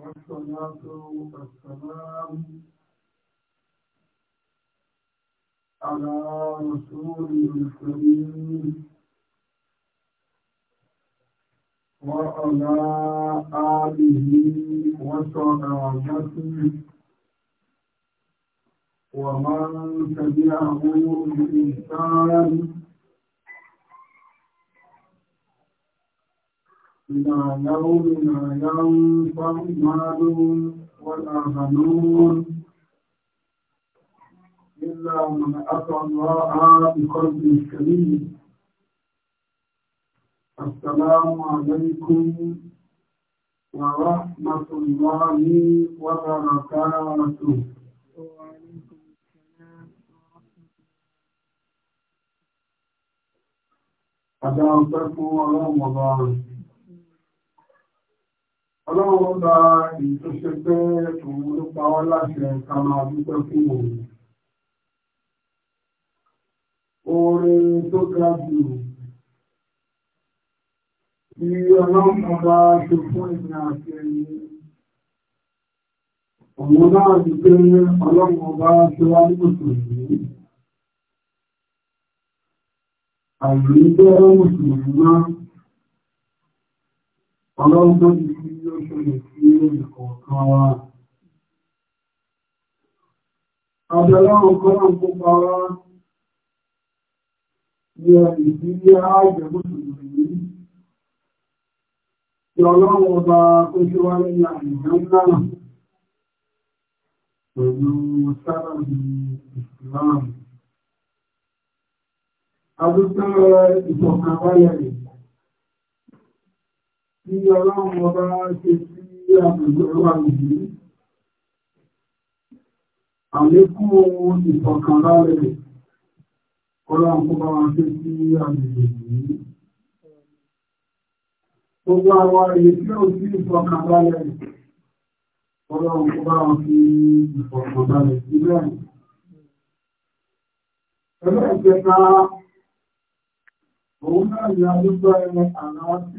والصلاة والسلام على رسوله الكريم وعلى آله وصحابته ومن تبعه بإحسان لا يوم لا ينفع مال ولا بنون إلا من أتى الله بقلب كريم السلام عليكم ورحمة الله وبركاته Adá ọpẹ́ fún ọlọ́run Ọlọ́run gba ìtúnṣe pé òun ló pa wọ́n láti ẹ̀ka máa dúpẹ́ fún òun. Orin tó ga jù tí ọlọ́run bá ṣe fún ìrìn àti ẹ̀yìn. Òun náà ti pé ọlọ́run bá ṣe wá ní mùsùlùmí. Àìrí jẹ́ mùsùlùmí náà. Ọlọ́run tó ti ó ṣẹlẹ̀ sí olùkọ̀ọ̀kan wa. Àbẹ̀lọ́run kọ́lọ́n kó pa wá ní ẹ̀sìn sí ní ààjẹ̀mọ́sùlùmí. Tí ọlọ́run ọba ó ṣe wá lẹ́yìn àìyàn náà pẹ̀lú sáàrì ìsìláàmù. Adúgbò ìfọ̀kànbalẹ̀ rẹ̀ tí ọlọ́run ọba ṣe sí àmìlú àlékún ohun ìfọ̀kànlálẹ̀ ọlọ́run kó bá wọn ṣe sí àmìlú yìí gbogbo àwọn èyí tí ó sí ìfọ̀kànlálẹ̀ ọlọ́run kó bá wọn fi ìfọ̀kànlálẹ̀ sílẹ̀ ẹlẹ́ẹ̀kẹta òun náà ni a ló gbọ́ ẹni àwọn tí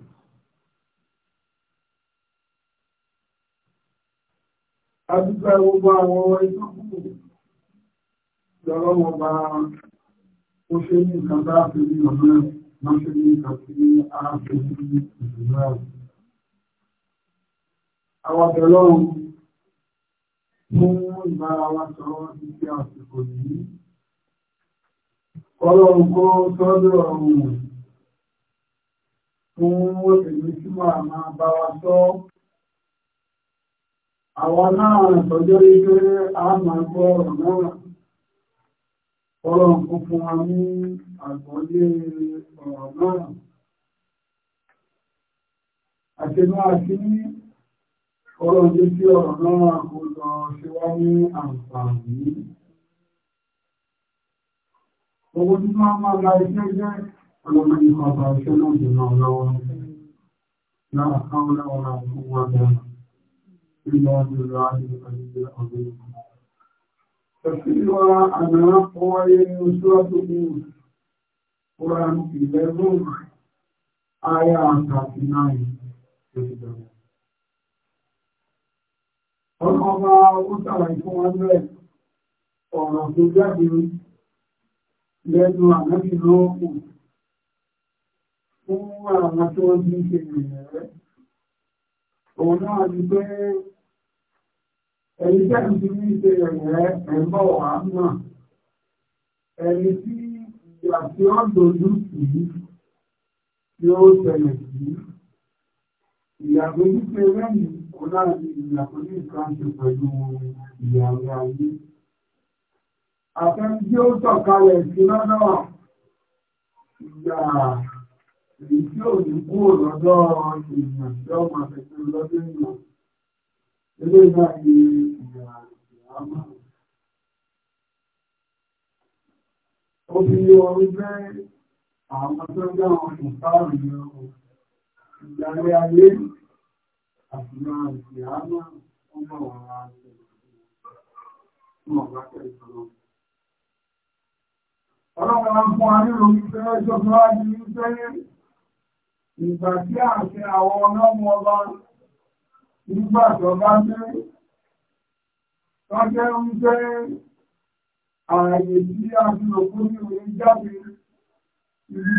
Adúgbà gbogbo àwọn ẹgbẹ́ kúrò lọ́rọ̀ wọn bá ó ṣe ní nǹkan bá fi ní ọ̀nà máa ṣe ní nǹkan tí a fi ní ìdúrà. Àwọn abẹ̀lọ́run fún ìbára wa sọ̀rọ̀ ti fi àsìkò yìí. Ọlọ́run kó sọ́dọ̀ ọ̀run fún èmi tí màá máa bá wa sọ́ọ́ àwọn náà tọ́jọ́ ipé a máa gbọ́ ọ̀rọ̀ náà ọ̀rọ̀ kún fún wa ní àgbọ́lé ọ̀rọ̀ náà àṣẹ́nú àti ọ̀rọ̀ jẹ́ sí ọ̀rọ̀ náà kò lọ sí wá ní àǹfààní owó tí wọ́n máa la iṣẹ́ jẹ́ ọlọ́mọ ìkọ̀ọ̀bà iṣẹ́ náà jùlọ lọ́wọ́ náà káwọn láwọn àwọn ọmọ ọmọ إلا بالله العلي العظيم تفسيرها أنا قوي سورة نور قرآن 11 آية 39 Ọlọ́ba ó sàràì fún wọn bẹ́ẹ̀ ọ̀rọ̀ tó jáde lẹ́nu àmẹ́bìnà ọkùn fún àwọn tó ń bí ṣe ìrìnlẹ̀ rẹ̀ òun náà ni pé ẹni tẹ́ ti ní ṣe ẹ̀rẹ́ ẹ̀mọ́ àmà ẹni tí ìgbà tí ó dojú sí tí ó tẹ̀lẹ̀ sí ìyàgbé wípé lẹ́yìn kò náà ni ìyàgbé ní ìkànṣe pẹ̀lú ìyàwó ayé àfẹ́ tí ó tọ̀kalẹ̀ sí lọ́dọ̀ ìyà èyí tí ò ní kúrò lọ́dọ̀ èèyàn tí ó máa fẹ̀sẹ̀ lọ́dọ̀ èèyàn eléyìí náà ni ìyà ìyàmà ó fi orí bẹ́ àwọn tó ń dáwọn ìfáàrù ní ọkọ̀ ìdarí ayé àti máa ìyàmà ó mọ̀ wọ́n wá Ọlọ́run máa ń fún wa nínú ìfẹ́ ẹjọ́ tó wá ní ìfẹ́ yẹn ìgbà tí àṣẹ àwọn ọlọ́mọ ọba nígbà tó jẹ́ tọ́jẹ́ ń jẹ́ ààyè tí a ti lò fún ní orí jáde ìlú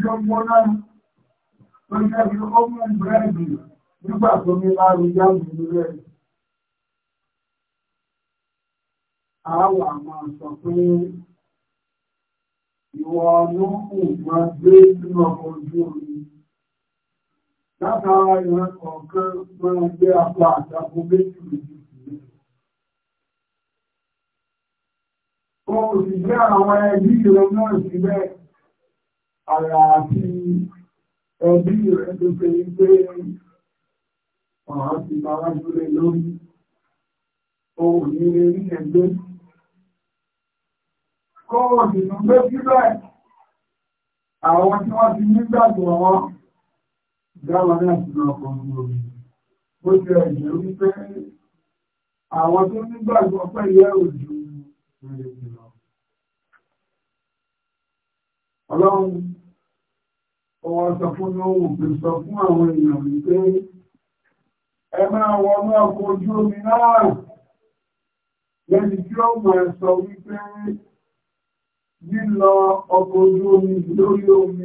tó tó jẹ́ bí ó mú nígbà tó ní láàrú jáde nílẹ̀. Àwa ọdún kò máa gbé sínú ọkọ̀ ojú omi. Látara ìran kọ̀ọ̀kan máa gbé apá àtàkù méjì méjì sílé. Ó sì gbé àwọn ẹbí rẹ̀ náà sílẹ̀, àrà àti ẹbí rẹ̀ tó ṣe ń gbé ọ̀hán ti máa jùlẹ̀ lórí. Ohun ní rí ẹgbẹ́. Kọ́ọ̀sì ló gbé sílẹ̀, àwọn tí wọ́n ti nígbàgbọ́ wọn dáwọn náà sí ọkọ̀ orí ó jẹ́ ìjẹ́ wípé àwọn tó nígbàgbọ́ pẹ́ yẹ́ òjò ìrìnlẹ̀ lọ ọlọ́run ọwọ́ sọ fún lóhùn pé sọ fún àwọn èèyàn wípé ẹ máa wọ ọmọ ọkọ̀ ojú omi náà lẹ́ni tí ó mọ̀ ẹ wípé lílọ ọkọ̀ ojú omi lórí omi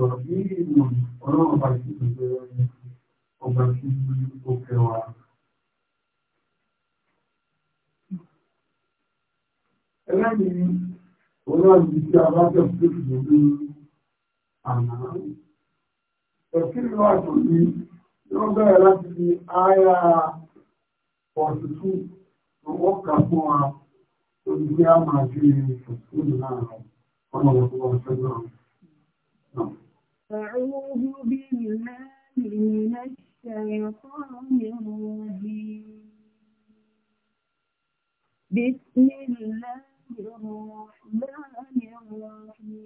Sọ̀rọ̀ bí ìlú ọlọ́run bá ti gbogbo ẹni ọba tí ó fẹ́ wa. Ẹlẹ́yìn ọlọ́run tí a bá jọ sí ìlú àná. Ẹ̀kí ló wà tó ní yóò bẹ̀rẹ̀ láti fi áyà ọ̀tútù tó a máa fi ìfòsílù náà ọ̀nà ọ̀tún wọn fẹ́ أعوذ بالله من الشيطان الرجيم بسم الله الرحمن الرحيم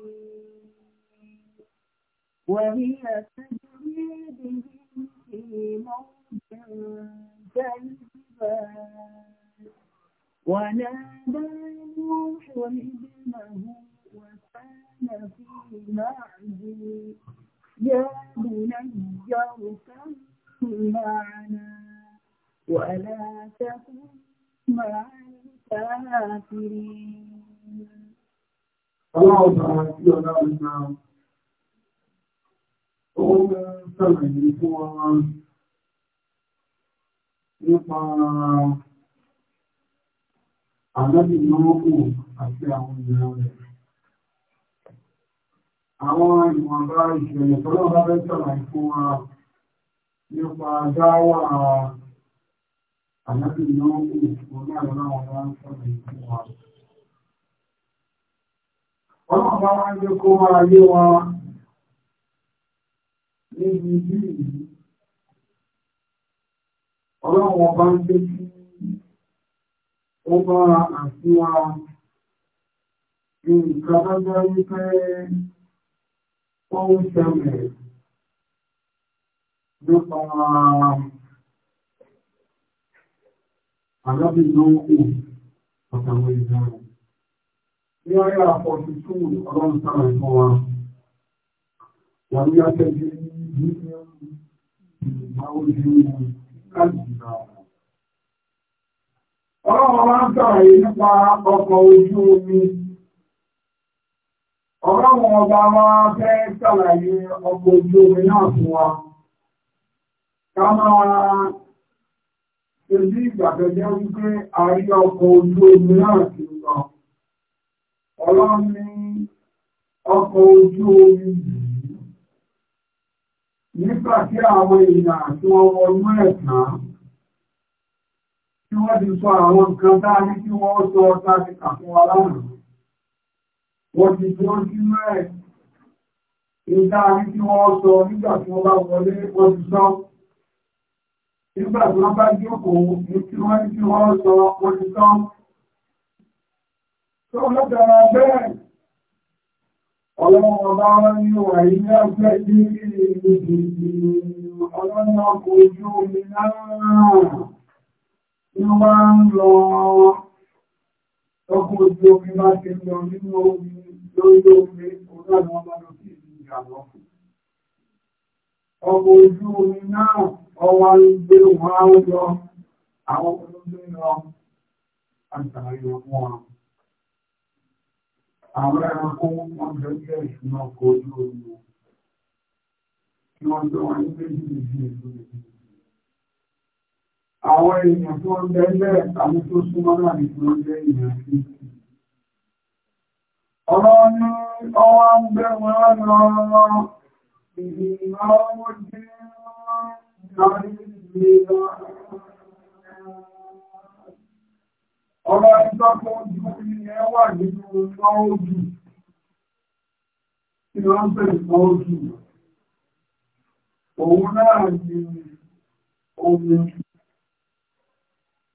وهي تجري بهم في موج كالجبال ونادى نوح ابنه في معزل يا بني اركب معنا ولا تكن مع الكافرين Ọlọ́run bá tí ọlọ́run náà, ó ń sọ̀rọ̀ fún wọn nípa àdájì náà àti àwọn ìran àwọn ìwọ̀nba ìṣẹ̀lẹ̀ tó lọ́wọ́ bẹ́ sọ̀rọ̀ fún wa nípa dáwà àlábì náà kù orí àwọn àwọn ọmọ sọ̀rọ̀ fún wa. Ọlọ́run bá wá ń jẹ́ kó wá ayé wa níbi bí ìlú. Ọlọ́run ọba ń jẹ́ kí ó bá àti wa ní nǹkan bá jẹ́ tó ń ṣẹlẹ̀ nípa àlábìnáwó àtàwọn ìdára. Ní ayé àpọ̀sí tún ọlọ́run sára ẹ̀kọ́ wa, wà ní àtẹ́jẹ́ ní ìgbàwó ìrìnà ìgbàlùgbà. Ọlọ́run wá ń sára ẹ̀ nípa ọkọ̀ ojú omi Ọlọ́run ọba máa fẹ́ sàlàyé ọkọ̀ ojú omi náà fún wa. Ká máa ṣe bí ìgbàgbẹ́jẹ́ wípé a rí ọkọ̀ ojú omi náà ti lọ. Ọlọ́run ní ọkọ̀ ojú omi yìí. Nígbà tí àwọn èèyàn tí wọ́n wọnú ẹ̀ka tí wọ́n ti sọ àwọn nǹkan tá a wọ́n sọ tá a ti kà fún wa lánàá wọ́n ti tí wọ́n sí mẹ́rẹ̀ ìta ní tí wọ́n sọ nígbà tí wọ́n bá wọlé wọ́n ti sọ nígbà tí wọ́n bá jókòó ní tí wọ́n ní tí wọ́n sọ wọ́n ti sọ tó lọ́tara bẹ́ẹ̀ ọlọ́run ọba wọn ní wà ní ọgbẹ́ ní ọlọ́run ọkọ̀ ojú omi náà ní wọ́n ń lọ Ọkùn ojú omi bá ti lọ nínú omi lórí omi ọ̀dọ́ àwọn ọmọ lọ sí ìlú ìyàwó. Ọkọ̀ ojú omi náà ọwá ń gbé wọn á lọ àwọn olóńgbé lọ àtàrí ọmọ wọn. Àwọn ẹranko wọn jọ jẹ́ ìṣúná ọkọ̀ ojú omi. Kí wọ́n tó wọn ní méjì méjì ìlú ìlú àwọn èèyàn tó ń bẹ́lẹ̀ àmú tó súnmọ́ náà ní tó ń jẹ́ èèyàn sí. ọ̀rọ̀ ní ọwá ń bẹ́ wọn lọ́rọ̀ ìgbìmọ̀ jẹ́ ọ̀rọ̀ ìtọ́kọ̀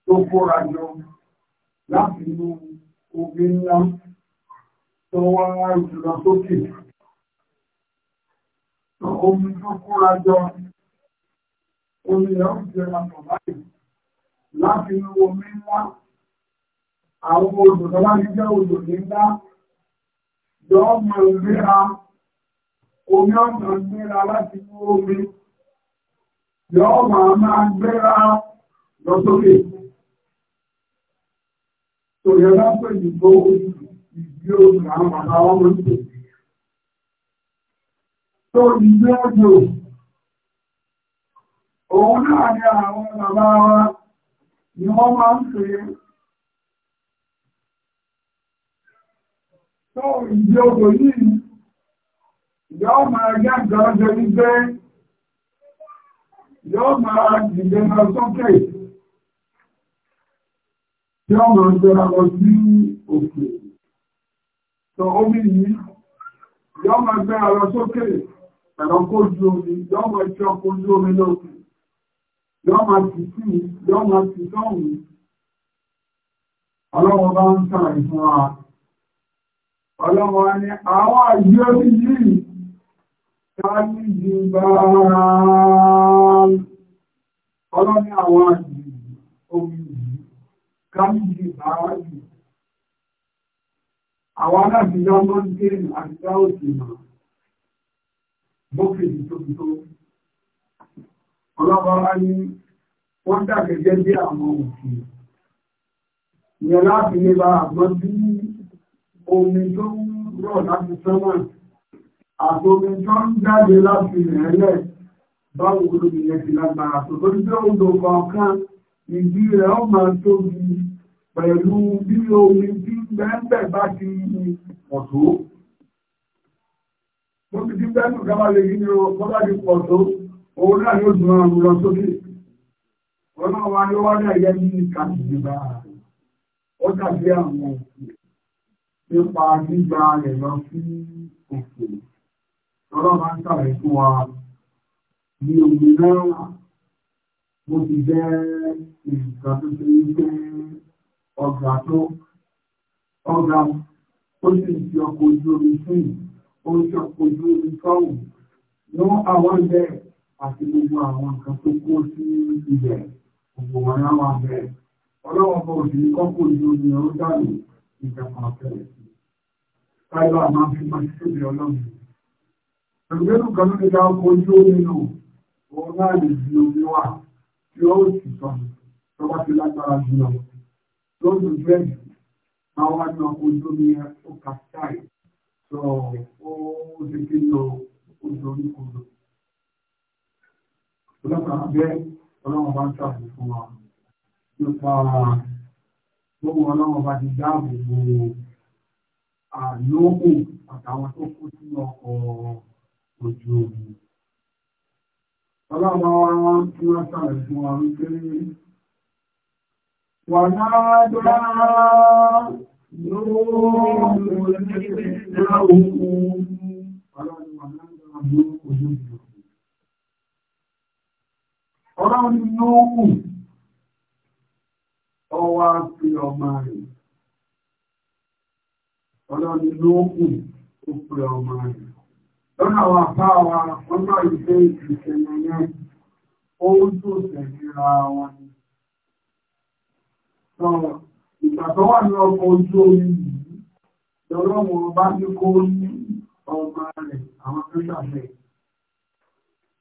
tó jọ láti inú omi ńlá tó wá jùlọ sókè. Omi tó kóra jọ, omi ẹ̀ jẹra tọ̀ báyìí láti inú omi ńlá. Àwọn odò tó jẹ́ odò nígbà, ọmọ omi ọmọ ìgbéra láti inú omi, ọmọ àmà lọ sókè. tó òun náà ni àwọn bàbá wa ni wọ́n máa ń pè Tó ìdí òjò yìí, yọ́ máa yá ìjọ́jọ́ wípé yọ́ máa dìde lọ sókè tí wọ́n mọ̀ jọra lọ sí òkè. Sọ omi yìí, yọ́ ma gbé ara sókè, ẹ̀rọ kójú omi, yọ́ ma ṣe ọkójú omi lókè, yọ́ ma ti sí, yọ́ ma ti sọ́hùn. Ọlọ́wọ́ bá ń sàrà ìfún wa. Ọlọ́wọ́ ni àwọn àyè omi yìí, káàlì yìí bá Ọlọ́ni àwọn àyè omi káàkiri bàárà jù àwọn aláàbíjá máa ń gé àrídá òsì mọ̀ mọ́kèdì tó tó ọlọ́pàá ní wọ́n dàgẹ̀gẹ́ bí àwọn òkè yẹn láti lè bá àgbọ́n bí omi tó ń rọ̀ láti sánmà àtòmi tó ń jáde láti rẹ̀ lẹ̀ báwo ló ti yẹ ti lágbára tó tó ń gbé ìdí rẹ̀ ó máa tóbi pẹ̀lú bí omi tí bẹ́ẹ̀ bá ti pọ̀ tó. Mo ti ti bẹ́ẹ̀ nù káwá lè yíyan ọkọ̀ bá ti pọ̀ tó, òun náà yóò dùn ọrùn lọ sókè. Wọ́n náà wá ní wá ní ẹ̀yẹ ní kàdìdì bá ó dàbí àwọn òkè nípa gbígba rẹ̀ lọ sí òkè. Ọlọ́run á ń sàlẹ̀ fún wa ní omi bó ti jẹ́ nǹkan tó ṣe ní pé ọgbà tó ọgbà ó sì ti ọkọ̀ ojú omi fún ó ń ṣọkọ̀ ojú omi sọ́hùn ní àwọn ilẹ̀ àti gbogbo àwọn nǹkan tó kó sí ilẹ̀ gbogbo wọn láwọn abẹ́ ọlọ́wọ́n bọ̀ sí kọ́kọ̀ ojú omi ọ̀rọ̀ dànù ìjọba ọ̀fẹ́rẹ́ sí táìlà máa fi máa ṣe ṣèbí ọlọ́run ẹgbẹ́rún kan ló lè dá ọkọ̀ ojú omi nù òun náà lè di omi wà yóò sì sọ tó bá ti lágbára jùlọ lóṣù bẹ́ẹ̀ máa wá ní ọkọ̀ ojú omi ó kà táì sọ ó ṣe kí lọ ojú orí kodò. Ọlọ́pàá bẹ́ẹ̀ ọlọ́run bá ń ṣàbò fún wa nípa gbogbo ọlọ́run bá ti dáàbò bo àlókù àtàwọn tó kú sínú ọkọ̀ ojú omi. Ọlọ́run wa wọ́n tí wọ́n sàrẹ̀ fún wa ń kéré. Wà náà dúrà Ọlọ́run lóòkù ọwá fi ọmọ rẹ̀. Ọlọ́run lóòkù ó pè ọmọ rẹ̀ lọ́nà àwọn àpá wa wọ́n náà ìgbé ìṣẹ̀lẹ̀ yẹn ó ń tó tẹ̀léra wọn ni. sọ ìgbà tó wà ní ọkọ̀ ojú omi yìí lọ́rọ̀ wọn bá ní kó ní ọgbà rẹ̀ àwọn tó ṣàfẹ́.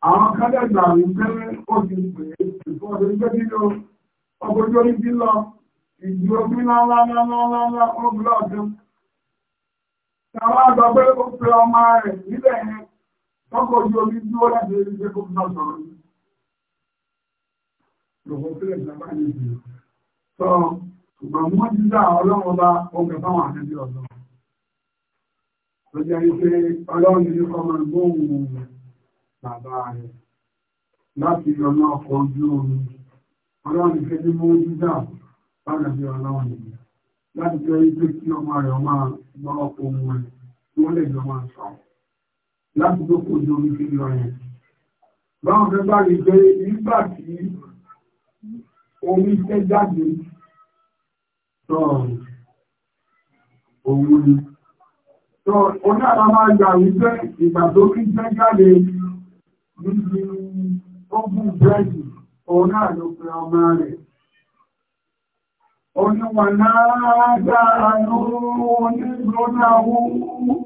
àwọn kádẹ́gbà ń gbé ó ti pè é ìfọ́dé ń gbé nínú ọkọ̀ ojú omi bí lọ ìdí omi ńlá Àwọn àgbà pé ó fẹ́ ọmọ rẹ̀ nílẹ̀ yẹn, tọ́kọ̀ ojú omi dúró láti rí pé kó náà sọ̀rọ̀ yìí. Lòun fílẹ̀ ìjọba ní ìlú. Sọ, ṣùgbọ́n mú jíjà ọlọ́run bá oúnjẹ fáwọn àtẹ́bí ọ̀dọ́. Ó jẹ́ wípé ọlọ́run ní ọmọ ìgbóhùn bàbá rẹ̀ láti láti jẹ́ ilé kí ọmọ rẹ̀ máa gbọ́ ọkọ̀ ohun rẹ̀ tí wọ́n lè jọ máa sọ láti dókò jọ orí fi lọ yẹn. Báwọn fẹ́ bá rí pé nígbà tí omi fẹ́ jáde sọ òun ni. Sọ onára máa gbà wípé ìgbà tó kí fẹ́ jáde níbi ó bú búrẹ́dì, òun ọmọ rẹ̀. وناداه نزله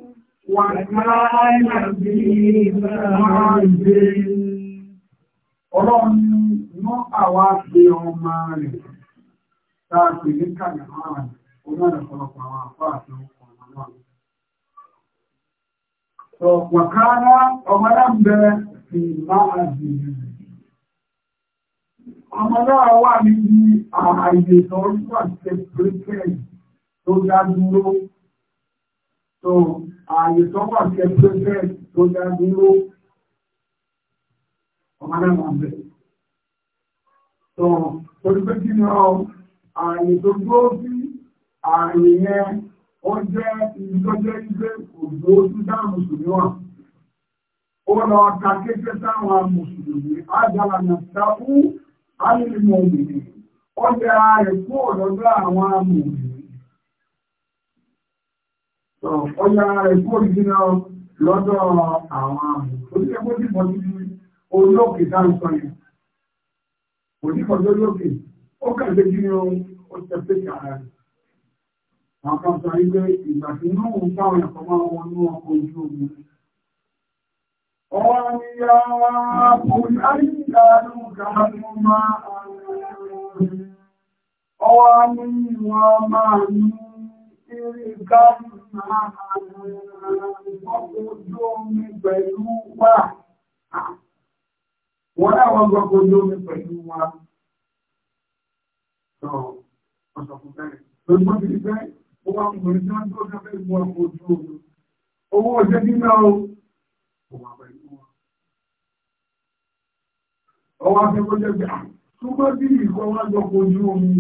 وكان في معزل ọlọ́run mọ́ àwa pé ọmọ rẹ̀ táàkì ní kàmìhàn onárẹ̀kọ́lọpọ̀ àwọn àfáà tó ọmọ náà sọ wàkánà ọmọdé ń bẹ̀rẹ̀ sí máa zìí ọmọ náà wà níbi ààyè lọ́rùwà separated tó dádúró so ààyè tó wà separated tó dádúró ọmọ náà wà bẹ̀rẹ̀ so torí pé kí ni ọ ààyè tó dúró sí ààyè yẹn ó jẹ́ ìlọ́jẹ́ ilé òjò tó dáhùn sùn wà ó lọ ta kékeré sáwọn mùsùlùmí ájàlá alìmọ̀ òmìnì ọjà ẹ̀kú ọ̀dọ́dọ́ àwọn amòmìnì ọjà ẹ̀kú òmìnà lọ́dọ̀ àwọn amòmìnì oníkẹ́kọ́ tí mọ̀ sí olóòkè dáńsọ yẹn oníkọ̀ọ́dọ́ olóòkè ó kàgbé kí ni ó tẹ̀pẹ́ kàrà àwọn kan sọ wípé ìgbà tí náà ń báwọn ẹ̀kọ́ máa wọnú ọkọ̀ ojú omi Wọ́n ni ya kùn àìdàrú gàmù máa àrùn. Ọwá ní ìwọ̀n máa ní ìrì gàmù máa àrùn. Ọkọ̀ ojú omi pẹ̀lú wà. Wọ́n láwọn gbogbo ojú omi pẹ̀lú wà. Sọ, ọ̀sọ̀ fún bẹ́ẹ̀. Lọ́gbọ́n ti bẹ́ẹ̀, ó wá mú ìjọ́ tó ṣe fẹ́ gbọ́ ọkọ̀ ojú omi. Owó ọjọ́ ọwọ́ akẹ́kọ̀ọ́jẹ́ pé túnbọ́ ah, bí ìkọ́ wá jọ kò omi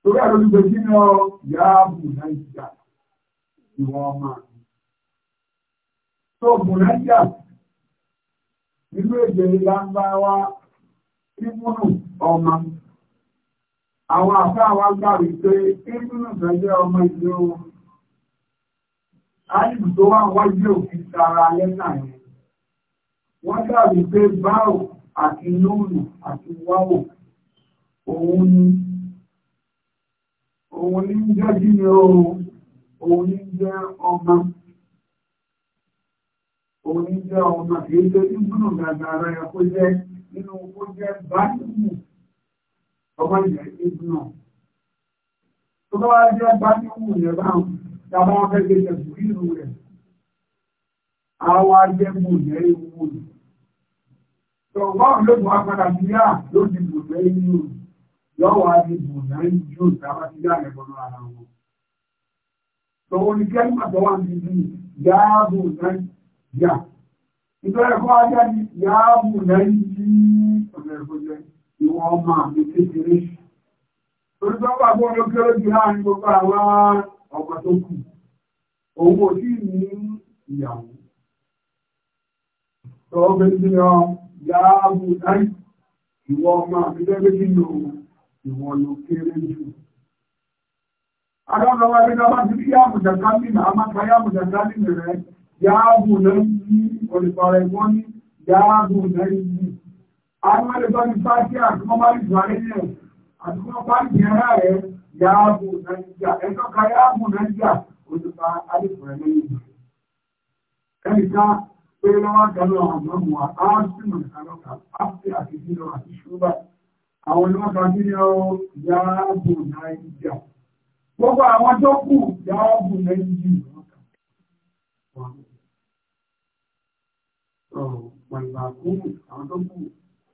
torí àlọ́dúgbò kí ni ọ yáàbù nàìjíríà ìwọ̀n ọmọ tó bù nàìjíríà nínú èdè lágbáwá ìmúnù ọmọ àwọn àfáà wa gbà wípé ìmúnù tẹ̀lé ọmọ ìlú ayélujára wáyé òfin lẹ́nà yẹn wọ́n dàbí pé báwò àti lóòrùn àti wáwò òun ni òun ní jẹ́ kí ni òun ní jẹ́ ọmọ òun ní jẹ́ ọmọ kìí ṣe tí gbọ́nà gàgà ara ẹ̀ kó jẹ́ nínú kó jẹ́ báyìí ọmọ ìyẹn ìgbọ́nà tó bá wá jẹ́ báyìí yẹn báwọn tàbí wọn fẹ́ gbé jẹ́ ìrù rẹ̀ àwọn ajẹ́mú yẹn ìwúrù Ọgbọ́n ló bọ̀ a sí a ló di bùnà yíò. Lọ́wọ́ a di bùnà yíò tàbá ti ara wọn. Tọ́wọ́ ni kí ẹ̀mà tọ́wọ́ ń bíbí yáàbù náà yá. ajá ni náà yí ọmọ kékeré. gbogbo tó kù. Òun ò tí ì ní ìyàwó. yáàbù láì ìwọ ọmọ àbílẹ́gbẹ́ nínú ìwọ̀n ló kéré jù. Adọ́lọ́wọ́ ẹgbẹ́ bá ti rí àmùjàká nínú àmàkà yàmùjàká nínú rẹ̀ yáàbù lẹ́yìn ní olùpàrẹ̀ wọ́n ní yáàbù lẹ́yìn ní. Àwọn ẹlẹ́gbẹ́ ní pàṣẹ àtúmọ́bárì ìgbàlẹ́yìn àtúmọ́bárì ìyẹn rẹ̀ yáàbù nàìjíríà ẹ̀tọ́ka yáàbù nàìjíríà olùpàrẹ̀ alẹ́ pé wọ́n kan lọ àwọn ọmọ wa á sì mọ̀ nǹkan lọ́ka á sì àti sílọ àti ṣúgbà àwọn onímọ̀ kan kí ni ó yáàbò nàìjíríà gbogbo àwọn tó kù yáàbò nàìjíríà lọ́ka. Pàlà kún àwọn tó kù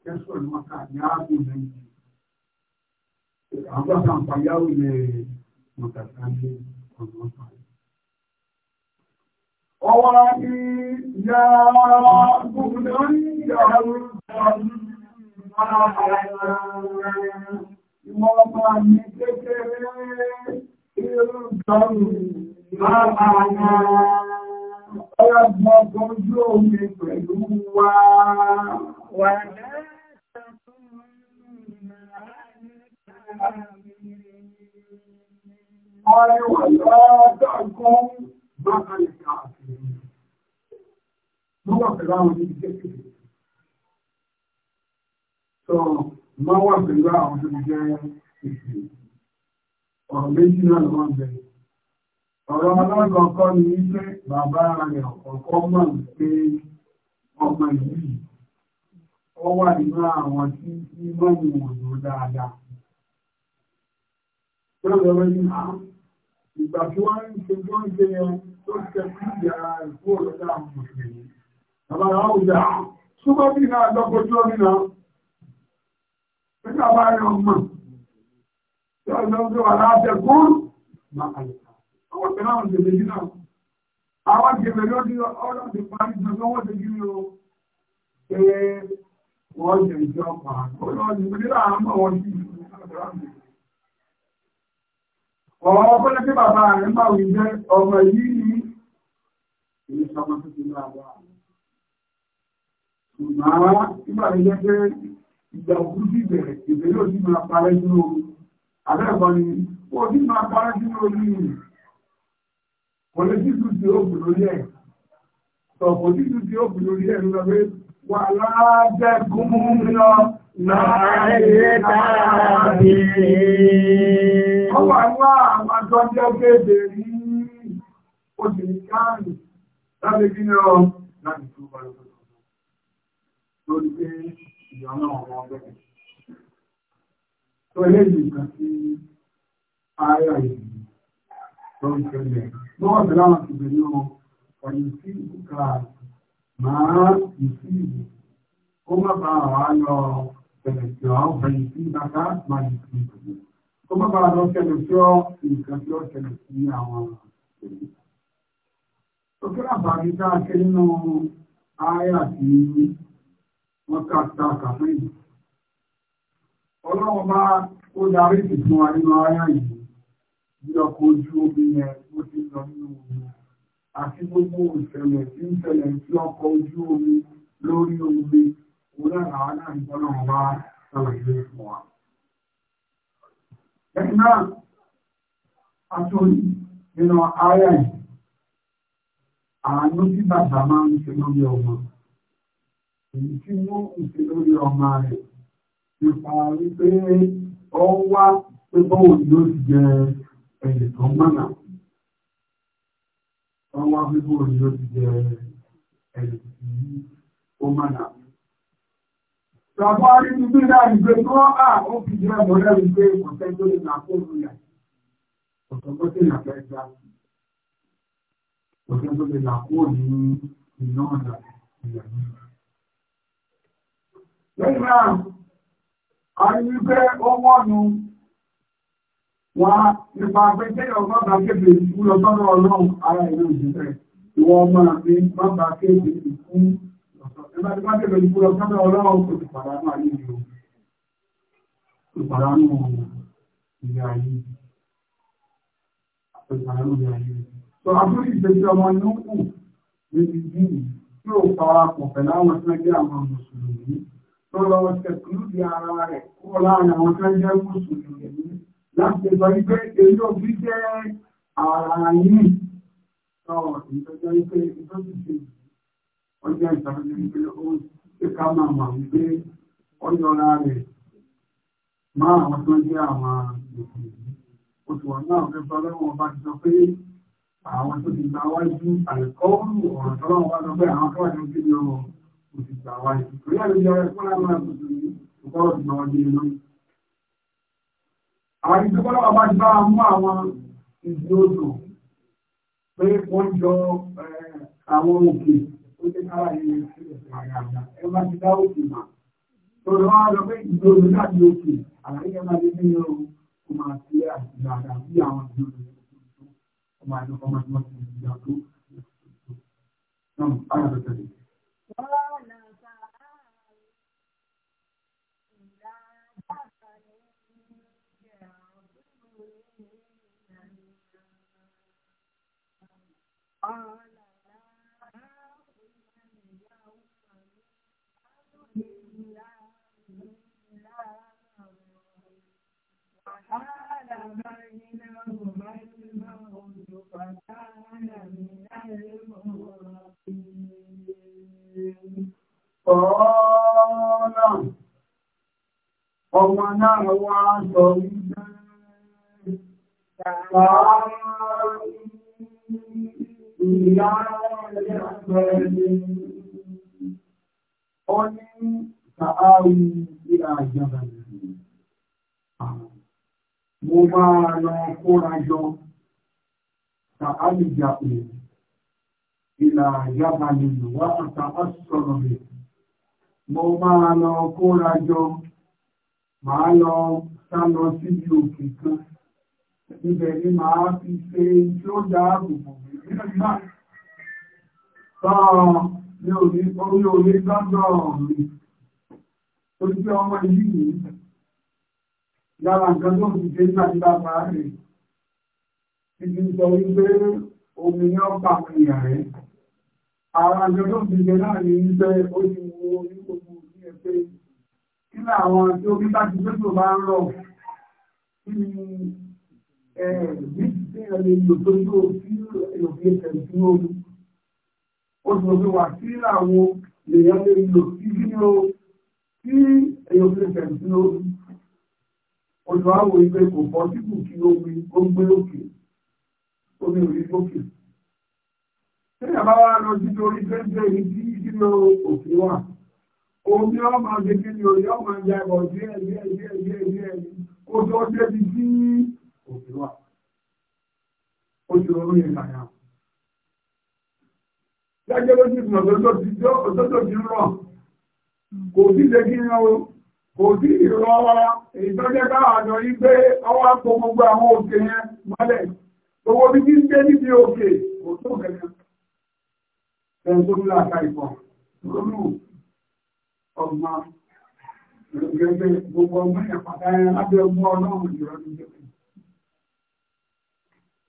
kẹ́sọ̀ ní wọ́n ká yáàbò nàìjíríà. Àwọn bá kà ń pa yáwó ilẹ̀ Ọwọ́ ní yá gúgbùnà ìyàwó Ìwọ̀n ọmọ mi kékeré irú ìjọrù láàárín ọlọ́gbọ́n tó jú omi pẹ̀lú wa. Wà náà tàbí máa lè ka àkèrè wọ́n wà pẹ̀lú àwọn ní ìjẹ́ kéde sọ máa wà pẹ̀lú àwọn tó jẹ́ ìsìn ọ̀rọ̀ méjì náà lọ́wọ́ ń bẹ ọ̀rọ̀ ọlọ́gọ̀ọ́kọ́ ni wípé bàbá rẹ̀ ọ̀kọ̀ọ̀kọ́ mọ̀ pé ọmọ yìí ó wà nínú àwọn tí ìmọ̀nì òjò dáadáa. Tí ó lọ tó jẹ fún ìyá ìfúrò lọ́dọ̀ àwọn mùsùlùmí. Bàbá rà ó yà á. Súnmọ́ bí náà lọ́gbọ́jú omi náà. Nígbà bá yọ mọ̀. Yọ lọ́gbọ́ wà láàbẹ̀ fún máa àyíká. Àwọn tẹ̀lé àwọn tẹ̀lé yìí náà. Àwọn tẹ̀lé lórí ọ̀rọ̀ ti parí jù lọ́wọ́ ti kí o. Ṣé wọ́n jẹ ìjọba? Olóòjì mi nílà àmọ́ wọn sí Ọ̀rọ̀ ọkọ̀ lẹ́gbẹ́ bàbá rẹ̀ máa wí jẹ́ ọmọ yìí ìjọba tó ti máa wà. Ṣùgbọ́n ìbẹ̀rẹ̀ ìbẹ̀rẹ̀ yóò máa parẹ́ sínú omi. Àbẹ́ẹ̀kọ́ ni ó sì máa parẹ́ sínú omi. Kò lè títú ti òògùn lórí ẹ̀. Sọ̀kò títú ti òògùn lórí ẹ̀ lọ láti kí ní ọ láti tó bá lọ́pọ̀ lórí pé ìyọ̀nà ọmọ ọgbẹ́ tó eléyìí nǹkan tí ara ìlú tó ń tẹ̀lé lọ́wọ́ tẹ̀lé àwọn ti bẹ̀rẹ̀ ọ ọ̀yìn sí ìbùkà máa ìsí ìlú ó má bá wa lọ tẹ̀lé tí ọ ọ̀yìn sí ìbàkà máa ìsí ìlú ó má bá lọ tẹ̀lé tí ọ nǹkan tí ó tẹ̀lé sí àwọn ìlú. Òkúrà bàbí káàkiri nínú ayà tí wọ́n kàtà kàfẹ́ yìí. Ọlọ́run bá ó darí sí fún wa nínú ayà yìí bí ọkọ̀ ojú omi yẹn ó ti lọ nínú omi. Àti gbogbo ìṣẹ̀lẹ̀ tí ń ṣẹlẹ̀ sí ọkọ̀ ojú omi lórí omi, òun náà náà ń bọ́ náà fún wa. Ẹ̀yìn náà, nínú ayà yìí àánú tí bàbá máa ń ṣe lórí ọmọ èyí tí wọ́n ń ṣe lórí ọmọ rẹ̀ nípa wípé ọ wá pé bọ́wọ̀ ni ó ti jẹ ẹ̀yìn tó mọ̀nà ọ wá pé bọ́wọ̀ ni ó ti jẹ ẹ̀yìn tó mọ̀nà. Ìjọba rí ti bí náà ìgbé tó à ó fi jẹ́ ọmọ rẹ̀ wípé kò sẹ́ńtò ìlàkóòrò yà ọ̀sọ̀gbọ́sẹ̀ ìlàkẹ́ ìjà sí òfin tó lè là kúrò ní iná ọ̀dà ìyàwó. lẹ́yìn náà a ní wípé ó wọ́nu wá nípa pé kéèyàn ọgbà bá kéde ìkú lọ sọ́dọ̀ ọlọ́run ara ìlú ìjìnlẹ̀ ìwọ ọmọ àti bàbá kéde ìkú Ìgbà tí wọ́n kéde ìkú lọ sọ́dọ̀ ọlọ́run kò ti pàdánù ayé ìlú. Ìpàdánù ìyá ayé. Ìpàdánù ìyá ayé sọ abúlé ìṣẹ́jú ọmọ nùkù níbi yìí tí ó fara pọ̀ pẹ̀lú àwọn tí wọ́n jẹ́ àwọn mùsùlùmí tó lọ tẹ̀kúlùdì ara rẹ̀ kúrò láàrin àwọn tí wọ́n jẹ́ mùsùlùmí láti sọ wípé èyí ò fi jẹ́ ara yìí sọ ìtọ́jú wípé ìtọ́jú ṣe ọjọ́ ìtàkùn wípé ó ṣe ká máa mọ̀ wípé ọjọ́ra rẹ̀ máa àwọn tó jẹ́ àwọn mùsùlùmí oṣù ọ̀nà ọ̀fẹ́ fọlọ́wọ́n bá ti sọ pé àwọn tó ti gbà wájú àìkọ́ọ̀lù ọ̀rọ̀ tọ́lọ́wọ́ bá lọ pé àwọn tó wà ní ojú ní ọmọ kò ti gbà wájú torí àlejò ọ̀rẹ́ fún àwọn ará tuntun yìí kò gbọ́dọ̀ ti gbà wájú nínú. àwọn ìjọ bọ́lọ́wọ́ bá ti bá mú àwọn ìdí odò pé wọ́n jọ àwọn òkè ó ti kára yìí sí ẹ̀sìn àyàgbà ẹ má ti dá òkè mà. tọ́lọ́ wá lọ pé ìdí odò láti òkè àlàyé ẹ má ti dín ní ọ̀rọ̀ kò máa ti àti ومعنى ومعنى ومعنى نعم آية بكري قال تعالى إلى جبل يعبدون قال Ọ̀ọ́nà ọmọ náà wá sọ wípé ìyá ẹ̀rẹ́ ọ̀pẹ̀lẹ̀ ó ní sàárì sí àjọ̀bà. Mo máa lọ kóra jọ. فألجأوا إلى جبل وأتأثر به mo máa lọ kóra jọ màá lọ sá lọ síbi òkè kan ibẹ̀ ni màá fi ṣe tí ó dáàbò bò mí nígbà tán mi ò ní orí orí lọ́dọ̀ ibi sọ wípé omi yọ pa ìyà rẹ̀. Ara jọdọ́ ìgbẹ̀ náà ní wípé ó ti wo ní gbogbo ní ẹ̀fẹ́. Kí ni àwọn tí ó bíbá ti gbé tó bá ń rọ̀? Kí ni bí ti ṣe ẹni lò tó tó sí òfin ẹ̀sìn omi? Ó sì mọ̀ pé wà sí àwọn lèèyàn lè lò sí nínú tí èyàn fi ẹ̀sìn omi. Olùwàwò ìgbẹ́ kò bọ́ síkù kí omi ó gbé òkè. omi ò rí Ṣé bá wá lọ sí torí pẹ́ńpẹ́ yìí tí sínú òfin wà? Omi ọmọ ni òye ọmọ ìjà ẹ̀bọ̀ díẹ̀ díẹ̀ díẹ̀ díẹ̀ díẹ̀ kó tó débi sí òfin wà. Ó ti rọrùn yẹn kàyà. Gẹ́gẹ́ ti sùn ti rọ̀. Kò sí ṣe kí ni o? Kò sí ìrọ̀ ìtọ́jẹ́ káwà jọ yí Gbogbo bí kí ń gbé níbi òkè, kò tó gẹ̀gẹ̀. Ẹn tó ní láta ìpọ̀, lónú ọgbà gẹ̀gẹ̀ gbogbo ọmọ ìpàdá lábẹ́ ọmọ ọlọ́run jùlọ ní gẹ̀gẹ̀.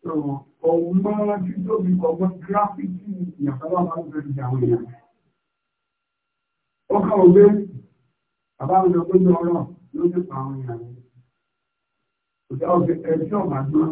Ọmọ tí tó bí ọgbọ́n gráfíkì ìyàtọ̀lá máa ń bẹ̀rẹ̀ ìjà àwọn èèyàn. Ó kà ògbé, bàbá mi lọ gbé ọ̀rọ̀ ló ti pa àwọn èèyàn. Òjá ọ̀gbẹ̀ ẹjọ́ màá gbọ́n.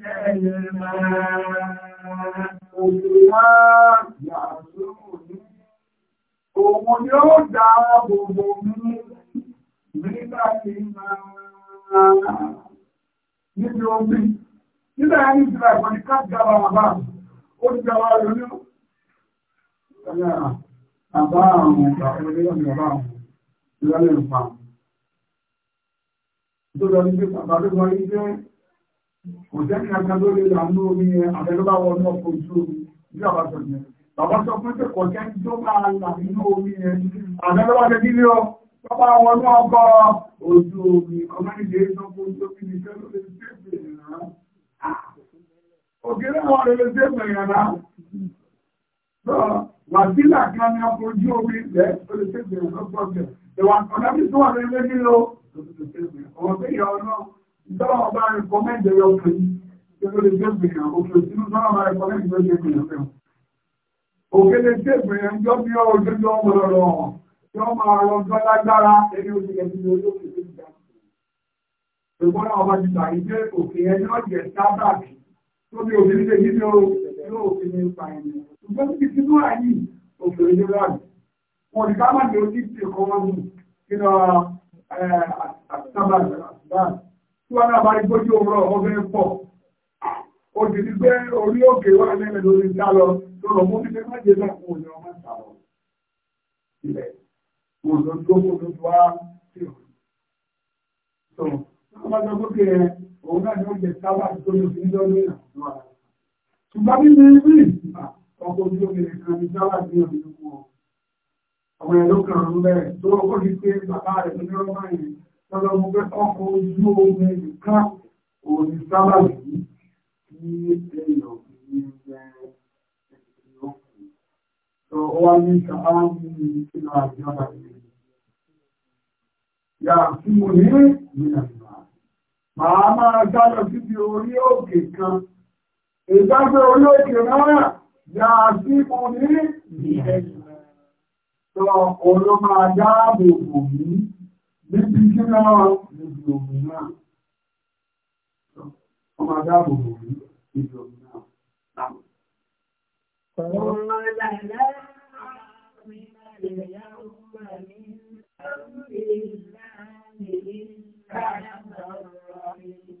Òun yóò dá gbogbo mú nígbà tí máa níbi omi. Nígbà yà ní ìjìlá ìwọ̀n ni káàkiri àwọn àbá ó ti jẹ́ wáyé ní àbá àwọn ìgbàlẹ́gbẹ̀rẹ̀ àbá àwọn ìrọ̀lẹ́ ìpàá. Tó lọ ní pé bàbá tó gbọ́ kò jẹ́ kankan lórí ìlànà omi àbẹ̀lọ́bá wọnú ọkọ̀ ojú omi bí àbá sọ yẹn bàbá sọ fún pé kò jẹ́ tó máa là nínú omi yẹn àbẹ̀lọ́bá jẹ́ kí ni ọ lọ́bá wọnú ọkọ̀ ojú omi ọmọ ìdílé sọ fún ojú omi ní kẹ́lọ́ lè ṣe bẹ̀rẹ̀ rán òkèrè àwọn lè ṣe bẹ̀rẹ̀ rán wàsílà kan ní ọkọ̀ ojú omi lẹ́ tó lè ṣe bẹ̀rẹ̀ rán gbọ́dọ̀ ìwà ọ̀dà Ìjọba ọba rẹ̀kọ́mẹ́ndẹ̀ yọ pé ìjọba jẹ́ ìgbìyàn, òkè òsínú sọ́nà máa rẹ̀kọ́mẹ́ndẹ̀ yọ jẹ́ ìgbìyàn fẹ́. Òkè lè jẹ́ ìgbìyàn jọ bí ọ ojú jọ ọmọ lọ́rọ̀ ọ̀hún, tí ó máa rọ ọjọ́ lágbára ẹni oṣù kẹsì ní ojú òkè tó ń jà. Ṣùgbọ́n ọba ti gbà yìí pé òkè ẹni ọ̀jẹ̀ sábàkì tó bí òkè nílé yìí o yóò fi ní ipa ẹni. Ṣùgbọ́n ti ti mú àyè òkè ní láàbù. Wọ́n ti ká má ní ojú ti kọ́ wọn mú kí lọ sábàkì tí wọ́n náà bá rí gbójú òwúrọ̀ ọgbẹ́ pọ̀ ó ti di pé orí òkè wà lẹ́mẹ̀ lórí ìta lọ tó lọ mú ní pé má jẹ́ náà kò ní ọmọ ìta lọ ilẹ̀ kò lọ tó kò tó tó wá sí ọ̀ tó wọ́n bá sọ pé òun náà ni ó jẹ sábà tó lọ sí lọ́dún ìrìn àjò ara ṣùgbọ́n bí mi rí ọkọ̀ ojú omi nìkan ni sábà ní ọdún ìlú ọmọ ẹ̀ ló kàn tó ọkọ̀ ní pé bàbá rẹ̀ tó ní ọmọ yẹn lọ́dọ̀ mú pé ọkọ̀ ojú omi ìka òní sábàbí ní èèyàn ní ẹgbẹ́ ẹgbẹ́ ọkùnrin tó wá ní sàáàmì ìkìlá àjọba ìrìn yà tí mo ní ìrìnàjò màá máa dálọ síbi orí òkè kan ìdájọ́ orí òkè náà yà tí mo ní ìrìnàjò tó òun ló máa dáàbò bò mí níbi kí náà níbi omi náà ọmọ adáàbò bò rí níbi omi náà náà. Ọmọ làlá mi máa lè yá ọmọ mi ọmọ ìlà mi káyà sọ̀rọ̀ mi.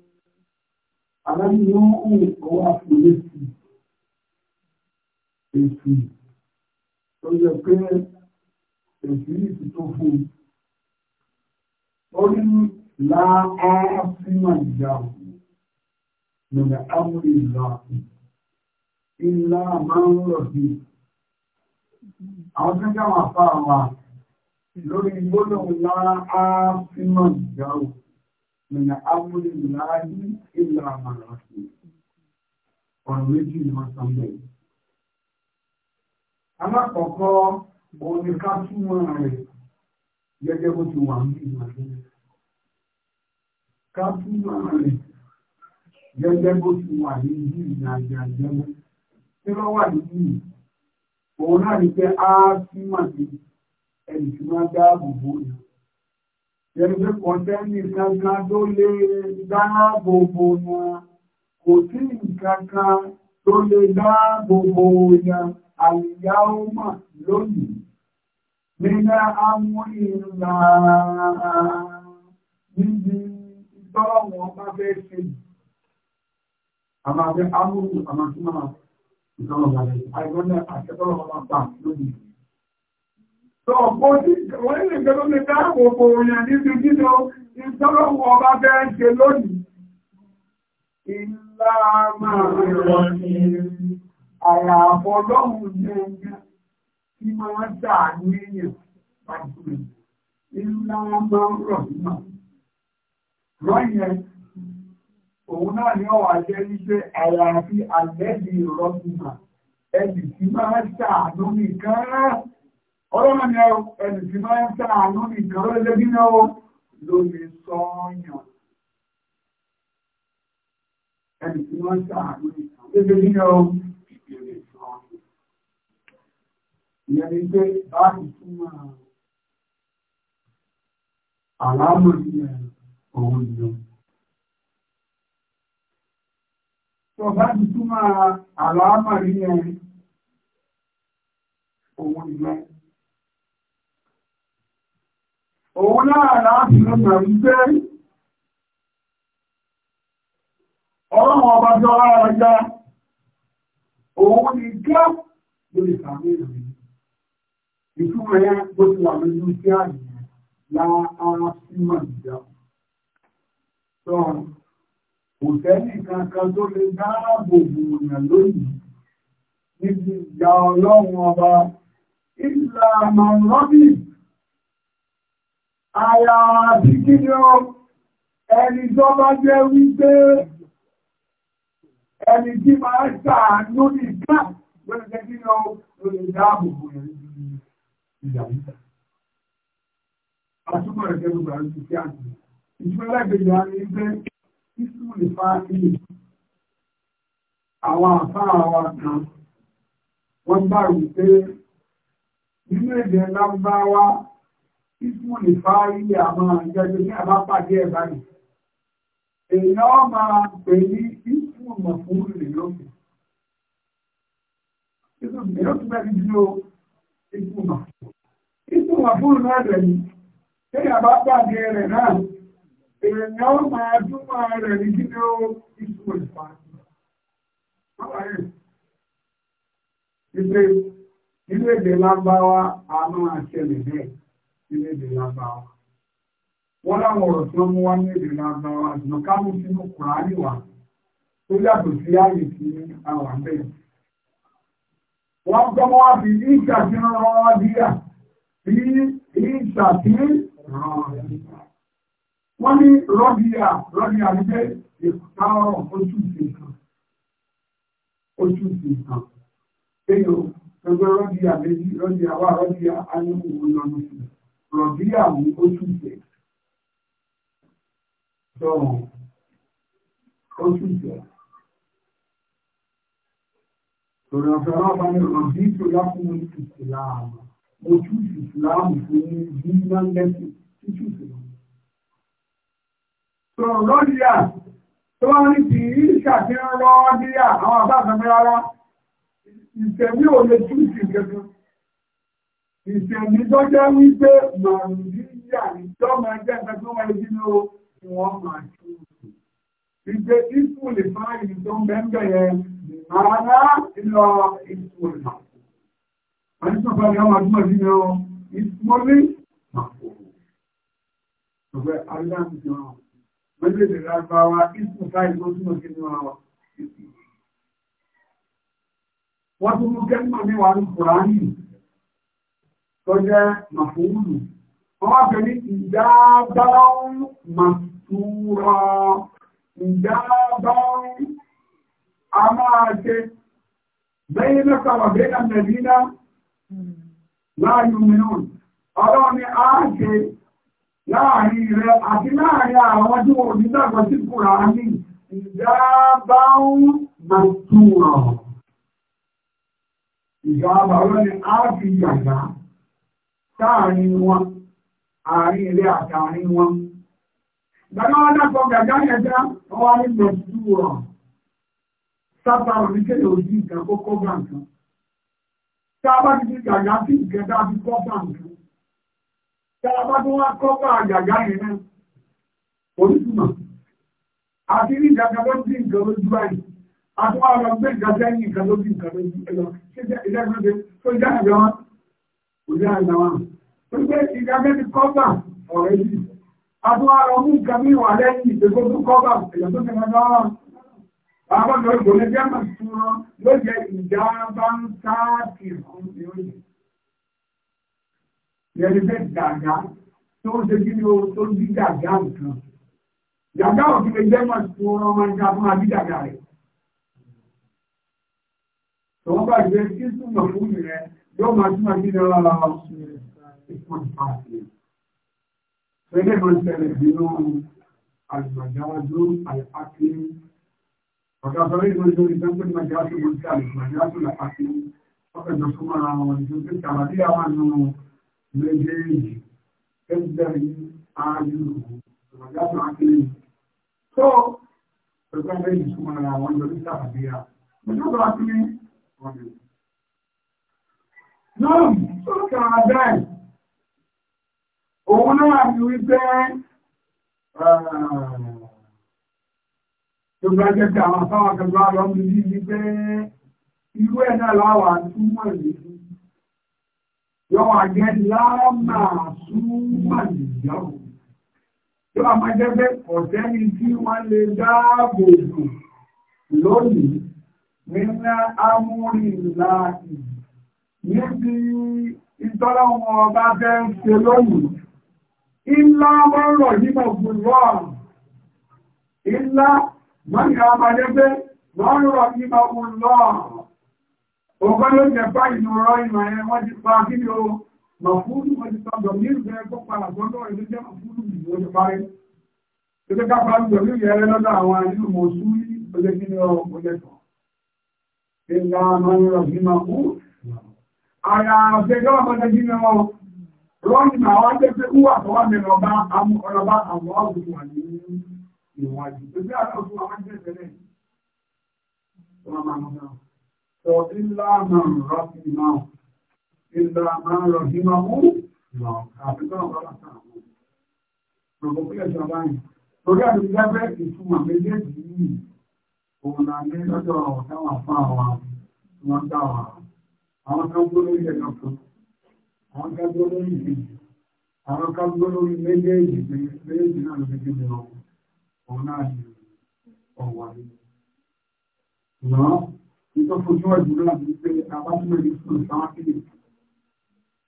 Àlàyé ló ń kún ọwọ́ àfọlẹ́sì èsì tó yẹ pé èsì yìí ó ní láàáfíà ìyàwó lọ́nà àwọn ìlàáfí ilá máa ń rọ̀ sí àwọn tẹ́jọ́ wà fáà wà lórí gbọ́dọ̀ láàáfíà ìyàwó lọ́nà àwọn ìlàáfí ilá máa rọ̀ sí ọ̀rọ̀ méjì ni wọ́n sọ bẹ́ẹ̀ alákọ̀ọ́kọ́ òun ni ká túmọ̀ rẹ̀ gẹ́gẹ́ bó ti wà ní ìmọ̀lẹ́ ká tún máa rìn gẹ́gẹ́ bó ti wà ní ìlú ìrìnàjò àjẹmọ́ tí wọ́n wà nínú yìí òun náà ní pé á tún mà ní ẹnì tí wọ́n dáàbò bò ní. Ẹni pé kọ̀ńtẹ́nì kankan tó lè dáàbò bò ní kò sí nǹkan kan tó lè dáàbò bò ní àyíká ó mà lónìí. Nígbà amú ìrìnà níbi ìtọ́lọ̀wọ̀n bá fẹ́ ṣe. A máa fẹ́ amúrù àmà tí máa ìtọ́lọ̀wọ̀n rẹ̀. Àìgbọ́nà àṣẹ́tọ́lọ̀wọ̀n máa bà lórí. Tọ́ ọ̀pọ̀ tí wọ́n lè gẹ́gẹ́ ló lè dáàbò bò òyìn níbi jíjọ ìtọ́lọ̀wọ̀n bá fẹ́ ṣe lónìí. Ìlà tí máa dà ní èèyàn pàdùkù ńlá máa ń rọ̀ nímọ̀. Rọ́yìn òun náà ni ọ̀wà jẹ́ wípé àyàfi àlẹ́bí rọ́gbùmà ẹni tí máa ṣàánú nìkan ọlọ́run ni ẹni tí máa ṣàánú nìkan lórílẹ̀ bí náà ló sọ́ọ̀yàn ẹni tí máa ṣàánú nìkan lórílẹ̀ bí náà ìyẹn ni pé báàgì fún àlámọ̀ ní òun nìyẹn. Tó bá ti túmọ̀ àlámọ̀ ní òun nìyẹn. Òun náà láti lọ́nà wípé ọlọ́run ọba jọ ara ọjọ́ òun ni gá lórí sàmì ìrìn ìtumọ̀ yẹn bó ti wà lójú sí àyè la ara sí mọ̀ ìjà sọ kò sẹ́ni kankan tó lè dáàbò bò yàn lónìí níbi ìjà ọlọ́run ọba ìlà mọ̀lọ́bì ara àti kíni ọ ẹni tó bá jẹ́ wípé ẹni tí máa ṣàánú nìkan lórí jẹ́ kíni ọ lórí dáàbò bò yàn ìdààmú. àtúbọ̀ rẹ̀ kẹ́lú gbà lójú sí àná ìjọba alágbèjọ á ní pé ìsúmù lè fa ilé àwọn àfáà wa kan wọ́n bá rò pé nínú èdè lábáwá ìsúmù lè fa ilé àwọn àjọjọ ní àbápàdé ẹ̀ báyìí èèyàn máa pè ní ìsúmù mọ̀fúnrù lè lókè. Ìsúmù lè lókè bẹ́ẹ̀ ni bí o. ìtumọ̀. Ìtumọ̀ fún ìrìnàjò ni, kéyà bá pàdé rẹ̀ náà, na ó máa túmọ̀ rẹ̀ ní kí ni ó ìtumọ̀ ìpàdé. Ilé èdè lágbáwá àmọ́ àṣẹlẹ̀ bẹ́ẹ̀, ilé lágbáwá. Wọ́n láwọn ọ̀rọ̀ tí wọ́n mú wá ní èdè a wọ́n gbọ́mọ́ wá fi ìṣà tí ń rán wá díyà bí ìṣà tí wọ́n ní rọ́díyà rọ́díyà ní pé ìpàrọ̀ oṣù sí kan oṣù sí kan èyàn gbogbo rọ́díyà méjì rọ́díyà wà rọ́díyà ayéwu oṣù sí lórí ọ̀fẹ́ ọlọ́pàá ní ọ̀bí tó lákùnrin ìsìláàmù ojú ìsìláàmù fún yíyá lẹ́sìn títí ìsìláàmù. sọ lọ́díà tó wá ní ti ìṣàfihàn lọ́díà àwọn àbáàgbẹ́ rárá ìṣẹ̀mí ò lè tú ìṣìkẹ́kẹ́ ìṣẹ̀mí tó jẹ́ wípé nàìjíríà ìjọba ẹgbẹ́ ẹgbẹ́ tó wáyé nínú ìwọ̀n màá tú ìṣe ìfúnlẹ̀ fáyìí tó ń bẹ́ẹ̀ bẹ̀rẹ̀ Ìmọ̀lá ìlọ ìfòlà. Wọ́n tó fẹ́ yọ́ máa gbọ́n nínú ìfòlì màkòrò. Ṣọ̀fẹ́ aláàmì wọn, méjèèjì lágbàwá ìfòlà ìlú tí mo kí ní wọn Wọ́n tún mú kẹ́mọ̀ ní wà ní Kùránì tó jẹ́ màfòrò. Wọ́n wá pẹ̀lú ìdábáwọ́ màtúrọ̀, ìdábáwọ́ a máa jẹ bẹ́yìn mẹ́ta láàrin mìíràn ọlọ́run ni a láàrin rẹ àti láàrin àwọn tí wọ́n ní dàgbà sí kùrà ní ìjábá ń gbàtúrọ̀ ìjábá ọlọ́run a fi a sáàrin wọn àárín ilé àtàrin wọn gbàgbọ́n wọn dákọ̀ gàgá sábà oníkèlè ojú nǹkan kó kó bá nǹkan tá a bá ti fi gàgá sí nǹkan tá a fi kọ́ bá nǹkan tá a bá tó wá kọ́ bá gàgá yẹn náà onítumọ̀ àti ní gàgá ló ń dín nǹkan lójú báyìí àti wọn lọ gbé gàgá yín nǹkan ló dín nǹkan lójú ẹ lọ ṣé ìjà ìgbà ṣe tó ìjà ìgbà wọn kò já ìgbà wọn tó gbé ìjà bẹ́ẹ̀ ti kọ́ bá ọ̀rẹ́ yìí àti wọn lọ mú nǹkan mí Bàbá lọ ìgbòmí jẹ́ mọ̀ sí wọn ló jẹ ìjà bá ń sáàkì fún ti ó yìí. Yẹni fẹ́ gàgá tó ń ṣe kí ni o tó ń bí gàgá nǹkan. Gàgá òfin lè jẹ́ mọ̀ sí wọn ọmọ ìjà fún àbí gàgá rẹ̀. Tọ́wọ́ bá ìgbé kí súnmọ̀ fún rẹ̀ yóò máa túmọ̀ sí ní ọlọ́lá ìfọ̀n pàṣẹ. Acá sabéis que yo tanto el maquillaje musical, el maquillaje la pasión, porque no suma a un que cada día más no le llegue, es de ahí a un maquillaje aquí. So, que cada día, no lo hacen, no, o una, yo ah, Yorùbá jẹ́ pé àwọn sáwọn akẹgbẹ́ àlọ́ mi yí ni pé irú ẹ̀ náà láwà túmọ̀ nìyí. Yọ̀wọ̀ àjẹ́ láàmà túmọ̀ nìyàwó. Yọ àmọ́ jẹ́ pé ọ̀sẹ́ni tí wọ́n lè dáàbò bò lónìí nínú amúrìnlá níbi ìtọ́lá wọn ọba fẹ́ ń ṣe lónìí. Ilá wọ́n rọ̀ nígbà gbogbo ọ̀rọ̀. Ilá Mọ́nì àwọn ọmọdé pé wọ́n rọ̀ ní ọkùn lọ́ọ̀. Ògbọ́n ló jẹ bá ìlú rọ ìmọ̀ ẹ̀ wọ́n ti pa kí ni ó mọ̀ fúrú wọ́n ti pa ọ̀dọ̀ ní ìlú ẹ̀ tó padà sọ́dọ̀ ìlú jẹ́ mọ̀ fúrú ìlú ó ti parí. Ṣé ká pa ọdún ìlú yẹn lọ́dọ̀ àwọn ìlú mọ̀sú ní ọjọ́ kí ni ó ọjọ́ kan. Ìlà mọ́nì rọ̀ ní mọ̀ fú. Àyà àṣẹjọ́ ọmọdé kí ni wọn rọ́ọ̀nì àwọn jẹ́ pé wúwà tó wà níwájú ẹgbẹ́ àtọ́jú àwọn jẹ́ ìbẹ̀rẹ̀ sọ ilá máa ń rọ sí máa ilá máa ń rọ sí máa mú lọ àfikọ́ ọ̀rọ̀ sàmù ọ̀pọ̀ pílẹ̀ ìjọba yìí torí àti ìjábẹ́ ìtumọ̀ méjèèjì yìí òun là ní lọ́jọ́ táwọn afọ́ àwọn tí wọ́n dá wà àwọn kan gbó lórí ẹ̀dọ̀ kan àwọn kan gbó lórí ìkejì àwọn kan gbó lórí méjèèjì méjèèjì náà ló fi kéde ọ̀hún òun náà ni ọ̀wà yìí. ṣùgbọ́n nítorí fojú ẹ̀dùn náà ni pé abájúmọ̀ ní fún ìsáwá kéde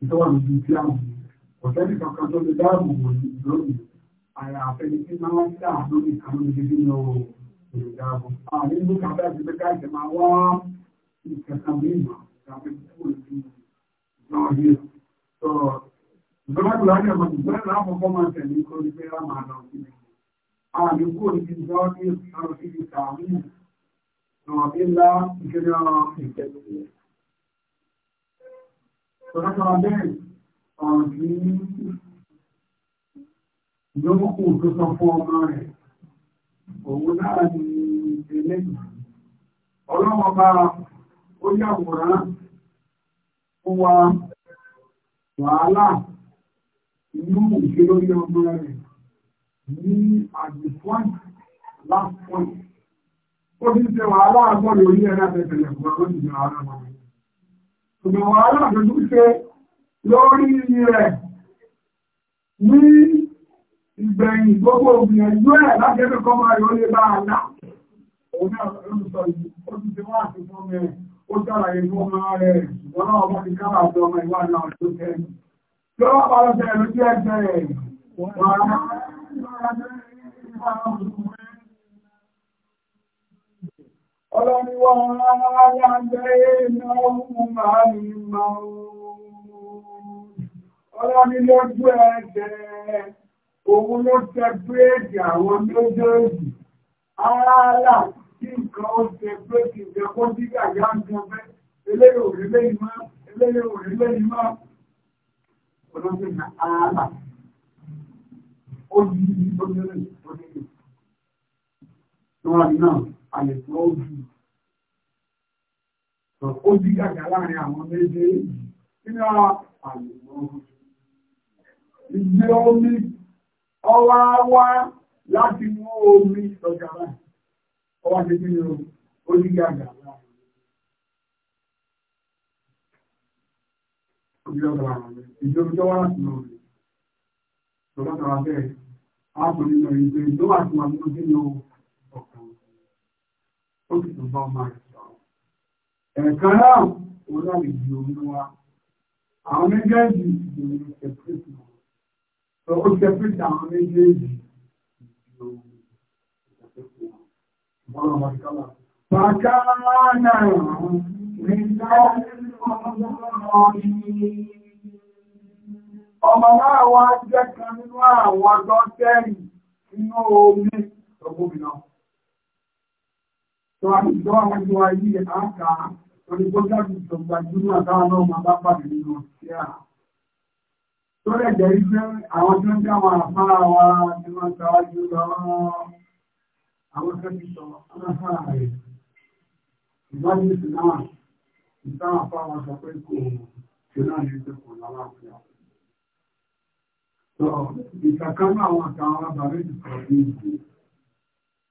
ìtọ́wà ní ju tí àwọn ọ̀tẹ́lì kankan tó lè dáàbò bò ní lónìí àyà àfẹ́ni tí máa ń dà lórí ìkànnì ìdíbí ní ọ̀rọ̀ èrò dáàbò. àwọn nínú kàfẹ́ àti pé káàkiri máa wá ìkẹ̀kẹ̀ bí ìmọ̀ tàbí kúrò sí náà yìí. sọ ìgbọ́nàkùnrin àjẹmọ̀ ìgbọ́nà àkọ́kọ́ máa tẹ̀lé kó rí pé á àdúgbò ní ìjọ́ní àrùsí ìtààmì ọ̀bílá ìjọ́nà ìtẹ̀lẹ̀. Tọ́lọ́tọ́lọ́ bẹ́ẹ̀ ọ̀rọ̀ tí ìjọ́mọ́kù tó sọ fún ọmọ rẹ̀, òun náà ni eléyìí. Ọlọ́wọ́ bá ó yàwòrán fún wa wàhálà inú ìṣẹ́lórí ọmọ rẹ̀ ní at the point last point. Ó ti ṣe wàhálà àgbọ̀rẹ̀ orí ẹ̀rẹ́ àtẹ̀tẹ̀lẹ̀ fún ọdún ìjọ ara wọn. Ṣùgbọ́n wàhálà àtẹ̀tẹ̀ ṣe lórí rẹ̀ ní ìgbẹ̀yìn gbogbo ògbìyànjú ẹ̀ láti ẹgbẹ́ kọ́ máa yọ lé bá àlá. Òun náà ló sọ yìí, ó ti ṣe wá àti fún mi, ó ṣàlàyé fún ọmọ rẹ̀, ṣùgbọ́n náà ọmọ ti kára àti ọmọ ìwà náà tó tẹ́. Tí ó wá bá lọ sẹ́yìn lójú ẹgbẹ́ rẹ̀, wọ́n á Ọlọ́run wọ́n rárá jẹ́ iná ohun máa ní máa Ọlọ́run lójú ẹ̀jẹ̀ òun ló tẹ bírèdì àwọn méjèèjì. Aráàlá tí nǹkan ó tẹ bírèdì jẹ kó dígbà yá ń jọ bẹ́, eléyìí òrìlé ìmá, eléyìí òrìlé ìmá. Ọlọ́run ó yí ní onílé onílé níwọ̀n náà àlèkùn ó jù ó yí gàgà láàrin àwọn méjèèjì nínú àlèkùn ó jù ìgbé omi ọwá wá láti mú omi lọ́jà láì ọwá ti bí ó yí gàgà láàrin Ìjọba àwọn ìjọba wá láti lọ rí. Ìjọba tàbí arákùnrin lọ rí pé tó wà tí wà ní ojú ní ó sì tún bá ọmọ rẹ̀ sọ̀rọ̀ náà ó láre di omi wa àwọn méjèèjì ìgbìmọ̀ sẹpẹrẹtì wọn tó ó sẹpẹrẹtì àwọn méjèèjì ìgbìmọ̀ sẹpẹrẹtì wọn bọ́lá wọn kọ́lá. Bàkánà ní ìdájọ́ ọmọ ọmọ ọmọ yìí. ọmọ náà wá jẹ́ kan nínú àwọn ọjọ́ tẹ́rì inú omi ọgbọ́bìnà tó a ti àwọn ìjọ ayé àkà torí ìjọba náà máa bá pàdé nínú ọ̀sẹ̀ à tó lè jẹ́ àwọn tó ń jẹ́ àwọn àfárá wa tí wọ́n ta wájú lọ àwọn kẹ́kì sọ ìkàkánú àwọn àtàwọn abàrí ìsọ̀rọ̀ ní ìlú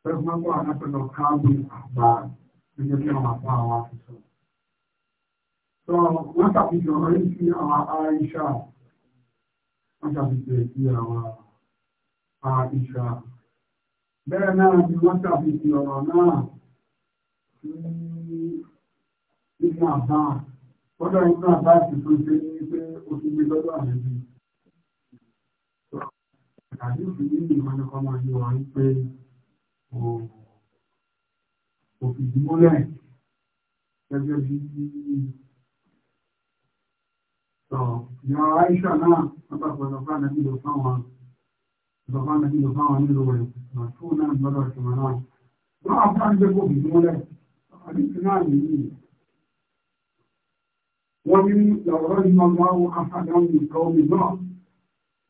pẹ́gbọ́n àdápẹ́lọ káàbù àbá gẹ́gẹ́ bí àwọn àbá àwọn àfisọ́ sọ wọ́n ṣàfihàn ọ̀rọ̀ yìí sí àwọn aisha wọ́n ṣàfihàn sí àwọn aisha bẹ́ẹ̀ náà ni wọ́n ṣàfihàn ọ̀rọ̀ náà sí ìgbà àbá ọ̀dọ̀ ìgbà àbá ìsọ̀rọ̀ ṣe ní pé ó ti gbé lọ́dọ̀ àrẹ́bí tàbí òfin níbi ìmọ̀nàkọ́ máa ní wà ń pé òfin ìdímọ́lẹ̀ gẹ́gẹ́ bí ìyá Aisha náà látàkọ̀ ìjọba nàbí lò fáwọn ìjọba nàbí lò fáwọn nílò rẹ̀ tó náà lọ́dọ̀ ìṣẹ̀mọ̀ náà wọ́n á fún àjẹ́ kò ìdímọ́lẹ̀ àdìsí náà nìyí wọ́n ní lọ́rọ̀ ìmọ̀ máa wọ́n afádáwọn ìkọ́ mi náà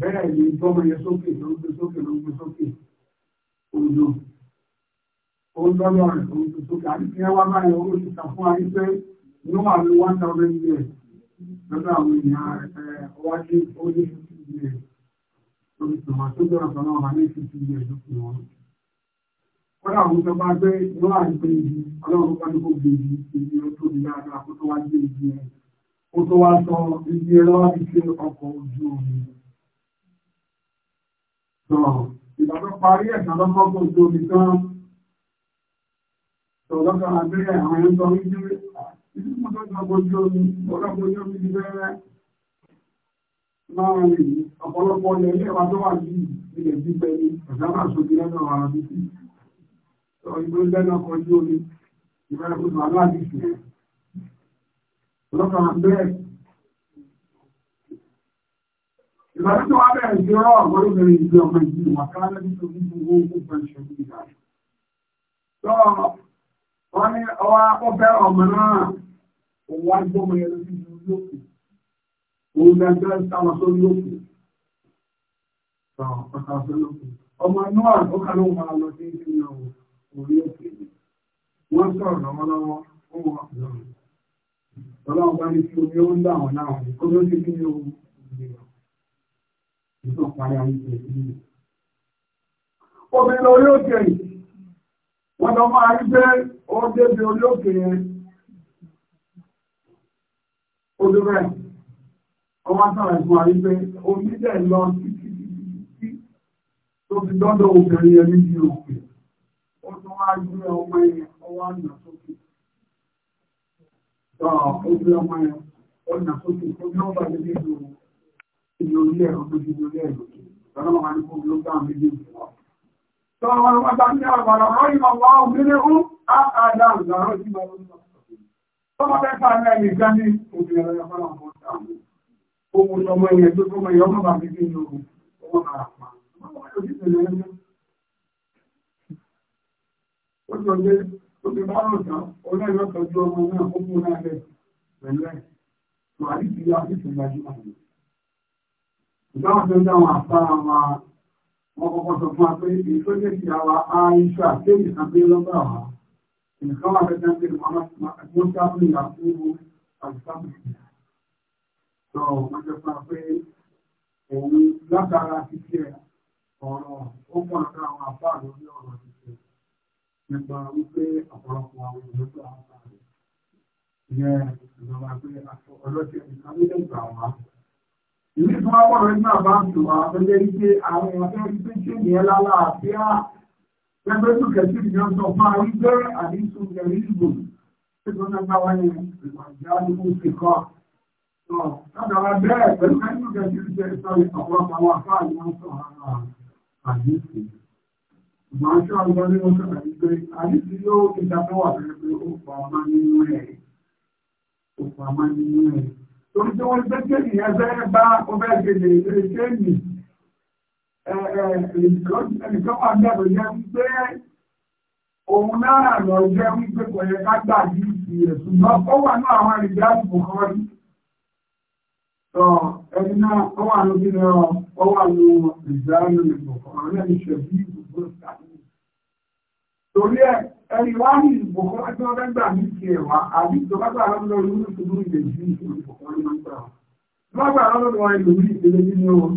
bẹ́ẹ̀ ni tọ́mọ yẹ sókè ló ń gbé sókè ló ń gbé sókè òjò ó ń lọ́lọ́ rẹ̀ ló ń gbé sókè àdìsí ẹwà báyìí ó ti kà fún ayé pé ní wà ní one thousand years lọ́dọ̀ àwọn èèyàn eh, ọwájú ó ní fifty years lórí tòmá tó dọ̀rọ̀ tọ́lá wà ní fifty years lókè wọn. kódà àwọn tó bá gbé ní wà ní pé ibi ọlọ́run bá ní kó gbé ibi ibi ó tóbi dáadáa kó tó wá gbé ibi ẹ̀ kó tó wá sọ ibi ẹ̀ lọ́wọ́ So, ìgbàgbọ́ parí ẹ̀sà lọ́kọ́kọ́ tó omi tán. So, lọ́kọ́ abẹ́rẹ́ àwọn ẹ̀ńtọ́ wíjú ìdíkùn tó gbàgbọ́ ojú omi, ọlọ́gbọ́ ojú omi ti bẹ́rẹ́ máa rìn ọ̀pọ̀lọpọ̀ ilẹ̀ ilé wa tó wà ní ilẹ̀ gbígbẹ́ ní ọ̀dáwà sókè lẹ́nu àwọn àbí sí. So, ìgbó lẹ́nu ọkọ̀ ojú omi, ìbẹ̀rẹ̀ Ìgbàtí tó wá bẹ̀rẹ̀ sí rọ́ ọ̀gbọ́lóbìnrin ìgbé ọmọ ìgbé wà ká lẹ́bí tó bí gbogbo ogun pẹ̀lú ṣe ní ìgbà. Tọ́ wọ́n ní ọwá ó bẹ̀rẹ̀ ọmọ náà òun wá gbọ́mọ yẹn lórí ìlú lókè. Òun gbẹ̀gbẹ́ sáwọn sórí lókè. Ọmọ náà ó kà ló máa lọ sí ìpínlẹ̀ orí òkè. Wọ́n sọ̀rọ̀ lọ́wọ́lọ́wọ́ ó wà lọ́rùn. Ọlọ́run bá ní kí omi ó ń dà wọ́n náà, ìtàn parí ayé ìjẹ́ ìlú. Obìnrin orí òkè wọ́n lọ máa rí pé ó débi orí òkè yẹn. Odúrẹ́, ó wá sọ̀rọ̀ ìfún wa wípé omi dẹ̀ lọ títí títí tó fi dọ́dọ̀ obìnrin yẹn níbi òkè. Ó tún wá gbé ọmọ yẹn, ó wá nà sókè. Ó gbé ọmọ yẹn, ó nà sókè, ó gbé ọmọ ìlú ilé ẹ̀rọ tó ti ìlú ilé ẹ̀rọ tó lọ́nà máa ní fún ló gbá àmì ìlú ìlú tó àwọn ọmọ bá ní àwọn ọ̀rọ̀ ọ̀rọ̀ ìmọ̀ wá òmìnir ó àádá ìlàrọ̀ sí ma lórí ọmọ fẹ́ fà ní ẹni ìgbà ní obìnrin ọ̀rọ̀ ọ̀rọ̀ ọmọ ọ̀tàwọn ohun ọmọ yẹn tó tó mọ ọjọ́ tó ìbáwọn tó ń dá àwọn àfáà wa wọ́n kọ́kọ́ sọ fún wa pé èyí tó jẹ́ sí àwa aisha kéèyàn kan pé lọ́gbà wa nǹkan wà fẹ́ẹ́ pé wọ́n sábà ń yà fún àìsàbò ìyá sọ wọ́n jẹ́ fún wa pé òun látara títí ẹ̀ ọ̀rọ̀ ó pọ̀ lọ́dọ̀ àwọn àfáà lórí ọ̀rọ̀ títí nípa wípé ọ̀pọ̀lọpọ̀ àwọn ìlú àwọn rẹ̀ ìyẹn ìjọba pé ọlọ́jẹ̀ nǹkan nílẹ̀ wá ìwé tí wọ́n wọ́n rẹ̀ náà bá ń tò wá tó jẹ́ wípé àwọn èèyàn tó rí pé ṣé ní ẹ lálá àti á lẹ́gbẹ́ tó kẹ̀sí ìjọ sọ fún àwọn ìgbẹ́ àdínkù ẹ̀rí ìgbò tó tó náà bá wáyé ìwà ìjà àdúgbò ti kọ́. Tọ́jọba bẹ́ẹ̀ pẹ̀lú kẹ́sí kẹ̀sí ìjọ sọ ọ̀pọ̀lọpọ̀ àwọn afá ni wọ́n sọ àdínkù. Ìgbà ń ṣọ́ ọgbọ́n ní wọ́n sọ̀rọ̀ wípé àdínkù yóò ìjà tó wà pẹ̀lú pé ó pa ọmọ nínú ẹ̀ torí tí wọ́n gbé kéènì ẹgbẹ́ bá ọbẹ̀ gèlè eré kéènì ẹnìkan wà mẹ́rin yẹ wípé òun náà lọ jẹ́ wípé kò yẹ ká gbà bí ìsì ẹ̀sùn náà ó wà ní àwọn ìdílé àbùkù kan rí tọ ẹni náà ó wà ní kí lọ ó wà ní ìdílé kan rí ẹni ṣẹ̀bí ìbùkù kan ẹni wá ní ìbò kan tí wọ́n fẹ́ gbà ní ti ẹ̀wà àbí tó bá gbà lọ́dọ̀ lórí ìṣòro ìdè sí ìṣòro ìfọ̀kọ́ ní wọ́n gbà wọ́n. tó bá gbà lọ́dọ̀ wọn ìlú ní ìpele nínú wọn.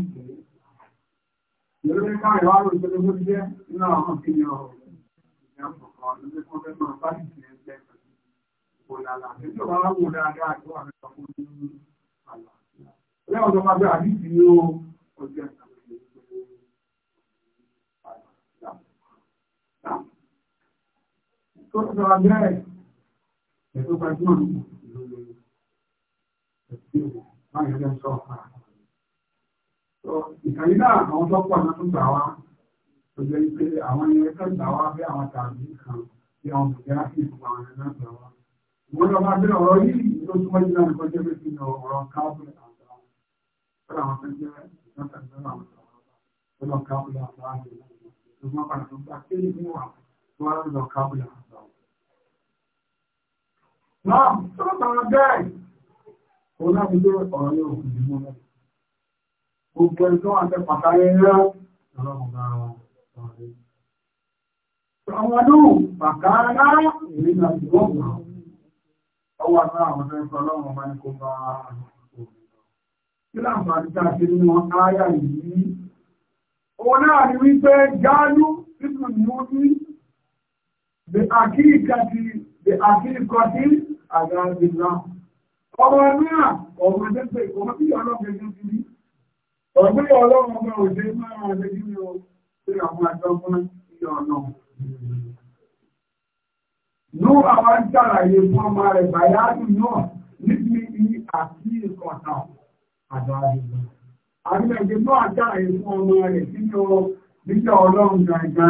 ìlú ní káwọn ìwà lórí ìpele bó jẹ́ nínú àwọn tí yọ ìjọba ìjọba kan fẹ́ máa bá ìṣẹ̀ ẹgbẹ́ ìpò lálà. ètò wa wò dáadáa tó wà nípa fún ní àlàáfíà. tó sọ abẹ́rẹ̀ ẹ̀tọ́ gbajúmọ̀ lórí ẹ̀sìn báyìí lẹ́ sọ ọ̀pá. Ìkàlí náà àwọn tó pọ̀ náà tún gbà wá tó jẹ́ pé àwọn ilé tó gbà wá bí àwọn tàbí kan bí àwọn bùkẹ́ àti ìfúnpá àwọn ẹ̀rọ náà gbà wá. Ìwọ́n lọ máa bẹ̀rẹ̀ ọ̀rọ̀ yìí tó súnmọ́ jù náà kọjá pé kí ni ọ̀rọ̀ káàbùlẹ̀ àgbà wọn. Bọ́lá àwọn tó jẹ́ ìjọ́ta ìjọba àwọn ọ̀rọ̀ bá. Bọ́lá wọ́n lọ kábùlà náà tó tọrọ bẹ́ẹ̀ òun láti lé ọ̀rọ̀ ní òkú ìlú mọ́ gbogbo ẹni tó wà tẹ pàtàkì ńlá ọlọ́run bá wọn sọ̀rọ̀ àwọn ọdún pàkàrà ìrìn náà ti wọ́n wọ́n ọwọ́ àtàrà àwọn ọ̀sẹ̀ ìfọ̀ ọlọ́run ọba ní kó bá kí láǹfààní tá a ṣe bí àkíkàtí bí àkíkàtí àgbàgbìlá ọmọ mìíràn ọmọ tẹ́pẹ̀ ọmọ tí ọlọ́pẹ̀ tó ti rí ọgbẹ́ ọlọ́run ọmọ òṣè máa rà lẹ́yìn ní o pé àwọn àjọmọ́ ìyọ̀ náà nú àwọn ń ṣàlàyé fún ọmọ rẹ̀ bàyáàdù náà níbi ní àti ìkọ̀tà àgbàgbìlá àgbẹ̀gbẹ̀ náà ṣàlàyé fún ọmọ rẹ̀ sínú nígbà ọlọ́run gbàgbà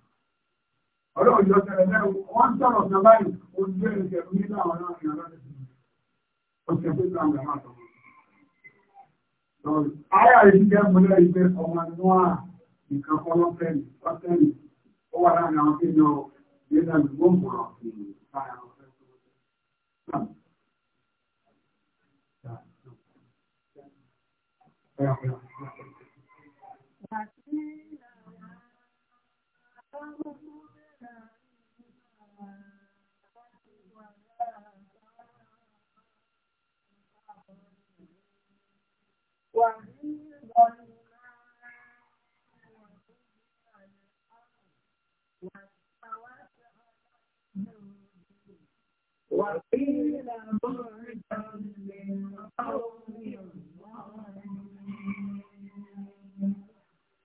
ọlọ́run yọ sẹ̀rẹ̀ lẹ́rù wọ́n sọ̀rọ̀ sọ báyìí ojú ẹ̀jẹ̀ fún nílò àwọn náà ìyàrá rẹ̀ ọ̀sẹ̀ pé náà rẹ̀ máa sọ. Ayà yìí jẹ́ múlẹ̀ ìgbẹ́ ọmọ níwá nǹkan ọlọ́fẹ́ ni ọ̀sẹ̀ ni ó wà láàrin àwọn tí yọ nígbà gbogbo mọ̀ràn sí ìpààyà ọ̀sẹ̀ tó wọ́n. Thank you. وقيل بعدا للقوم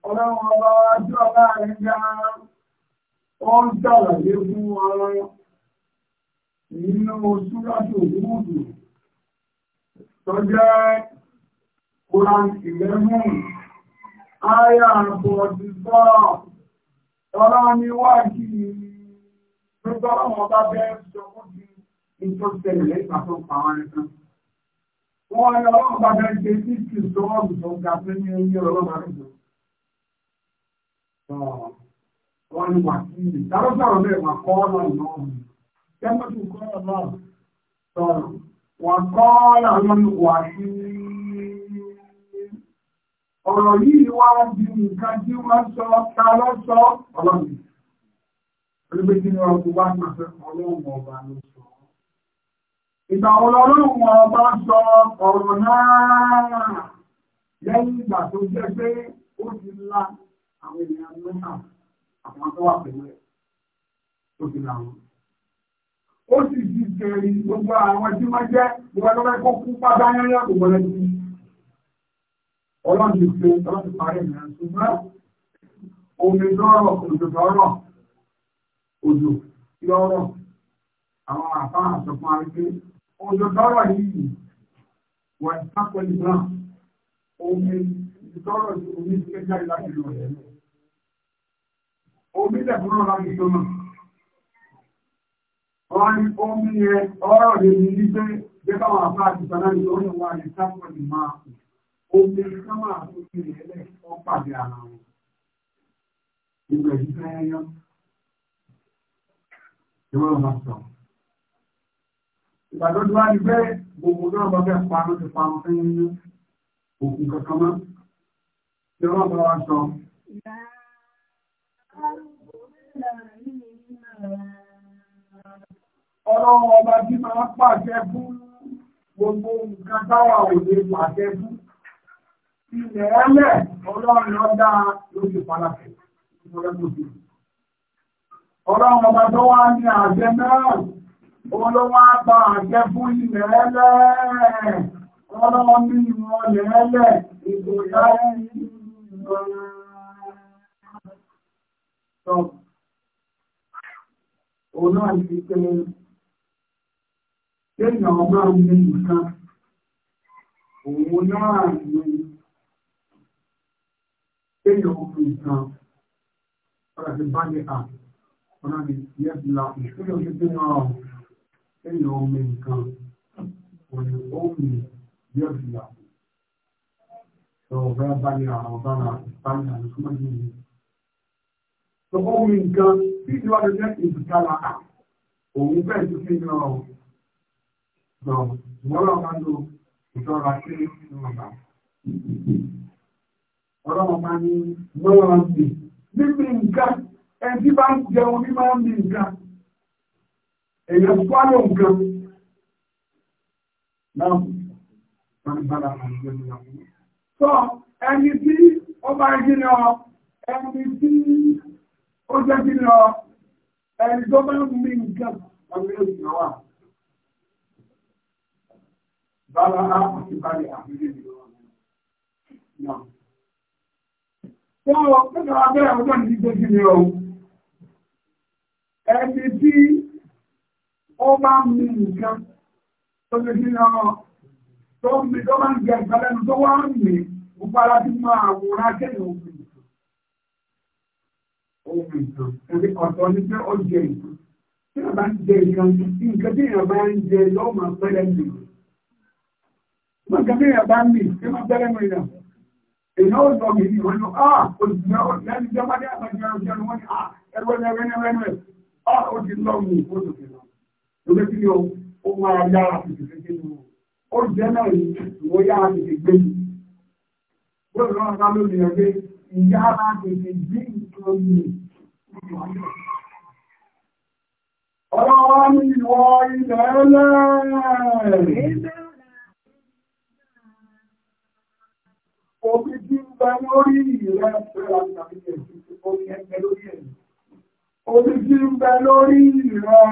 Ọlọ́run ọba ọjọ́ ọba rẹ̀ já ó ń ṣàlàyé fún ọrọ̀ nínú Súrátù Húdù tó jẹ́ Quran 11, Aya 44, ọlọ́run ni wáyé Gbogbo ọlọ́run ọba bẹ́ẹ̀ sọ fún ti ìtọ́sẹ̀lẹ̀ lẹ́gbà tó pa wọn nìkan. Wọ́n ní ọlọ́run bá bẹ́ẹ̀ ṣe tí kì í sọ́wọ́ tó ga pé ní ẹyẹ ọlọ́run àrùn. Wọ́n ní wàkíìlì. Dáró sọ̀rọ̀ bẹ́ẹ̀ wà kọ́ ọ̀nà náà. Kẹ́mọ́tì kọ́ ọ̀nà náà. Sọ̀rọ̀ wà kọ́ ọ̀nà lórí wàkíìlì. Ọ̀rọ̀ yìí wá di nǹkan tí wọ́n sọ ta lọ́sọ ọlọ́run. Olúgbé kí ni ọkùnrin wá pàṣẹ ọlọ́run ọba lóṣù. Ìgbà ọlọ́run ọba sọ ọ̀rọ̀ náà lẹ́yìn ìgbà tó jẹ́ pé ó ti lá àwọn ènìyàn mẹ́ta àwọn tó wà pẹ̀lú ẹ̀ tó ti láwọn. Ó sì ti kẹ̀rì gbogbo àwọn tí wọ́n jẹ́ gbogbo ẹgbẹ́ kó kú pátá omi lọ́rọ̀ òjò lọ́rọ̀ òjò àwọn àfáà sọ arígbé òdòdọ́rọ̀ yìí wà ìtàkọ̀ ìgbọ́n omi ìtọ́rọ̀ omi kẹjáde láti lọ rẹ̀ omi dẹ̀kúrọ̀ láti tó náà wọ́n ní omi yẹ ọ̀rọ̀ rẹ̀ ní wípé jẹ́ká wà fún àtìsàn náà ní orí wà ìtàkọ̀ ìmáà omi sọ́mà tó fi rẹ̀ lẹ̀ ọ́ pàdé ara wọn ìgbẹ̀jú fẹ́ ìgbàdọ́dọ́ wá ní pé gbogbo náà bọ́ bẹ́ẹ̀ pa ló ti pa fún nínú òkú kankan mọ́ tí wọ́n bá wá sọ. ọlọ́run ọba tí máa pàṣẹ fún gbogbo nǹkan táwa ò pàṣẹ fún ilẹ̀ ẹlẹ̀ ọlọ́run ọ̀dá lórí ìpalàfẹ́ ọlọ́run ọba tó wá ní àjẹ náà Wọ́n ló wá bá àjẹ́ fún ìrẹ́lẹ̀. Wọ́n lọ́wọ́ ní ìwọ̀n ìrẹ́lẹ̀ ìgbòyà ìgbòyà. Òun náà ti pé kéèyàn ọmọ ní nǹkan. Òun náà ni kéèyàn ọmọ nǹkan. Ọ̀rọ̀ ti bá ní à. Ọ̀rọ̀ ni yẹ́ kéèyàn omi nǹkan òní omi bí ọ̀sìn yàgò tó ọ̀gá balẹ̀ àwọn ọ̀gá balẹ̀ àwọn súnmọ́ yìí tó omi nǹkan bí ìjọba tó jẹ́ ìbùkálà à òun bẹ́ẹ̀ tó fi ń lọ lọ ìwọ́n lọ́ọ́ máa lo ìjọba sí ìwọ̀nba ọlọ́run máa ní lọ́wọ́ ń bì níbi nǹkan ẹni tí bá ń jẹun ní máa ń bì nǹkan. èèyàn fọ́lọ̀ nǹkan náà gbàgbàrà àwọn ìyàwó. sọ ẹni bá ọ ó jẹ́ ọ ẹni tó bá ń mi nǹkan ọmọ ènìyàn wà. Bára á àti bára àwọn ènìyàn wà. Sọ pẹ́kọ̀ọ́ abẹ́rẹ́ ọjọ́ ní gbé gíní ọ ó bá ń mi nǹkan tó lè ní ọmọ tó ń mi tó bá ń jẹ ìgbàlẹ́nu tó wá ń mi gbogbo ara ti máa àwòrán kéde òfin òfin kan ẹni ọ̀tọ̀ ni pé ó jẹ ìkan tí èèyàn bá ń jẹ ìkan nǹkan tí èèyàn bá ń jẹ yóò máa pẹ́lẹ́ mi nǹkan tí èèyàn bá ń mi tí máa pẹ́lẹ́ mi nà èèyàn ó lọ mi ní wọn lọ ah òṣìṣẹ́ ọ̀sẹ̀ ẹni jẹ́ bá dé àgbàjọ ẹ̀rọ ìjẹun wọn ni ah ẹ̀rọ ẹ̀rọ ẹ̀rọ ẹ̀rọ ẹ̀rọ ah ó ti lọ mi ó lọ mi lórí tí ó ó máa yára tètè gẹ́gẹ́ ní wọn ó jẹ́ náà ìwọ yára tètè gbé mi bóyá lọ́wọ́ ká ló lè rẹ̀ ìyára tètè gbé nǹkan mi ọlọ́wọ́ ní ìwọ ilẹ̀ ẹlẹ́ Omi tí ń bẹ lórí ìrẹ́ ẹ̀fẹ́ àti àti ẹ̀sìn tó ní ẹgbẹ́ lórí ẹ̀. Omi tí ń bẹ lórí ìrẹ́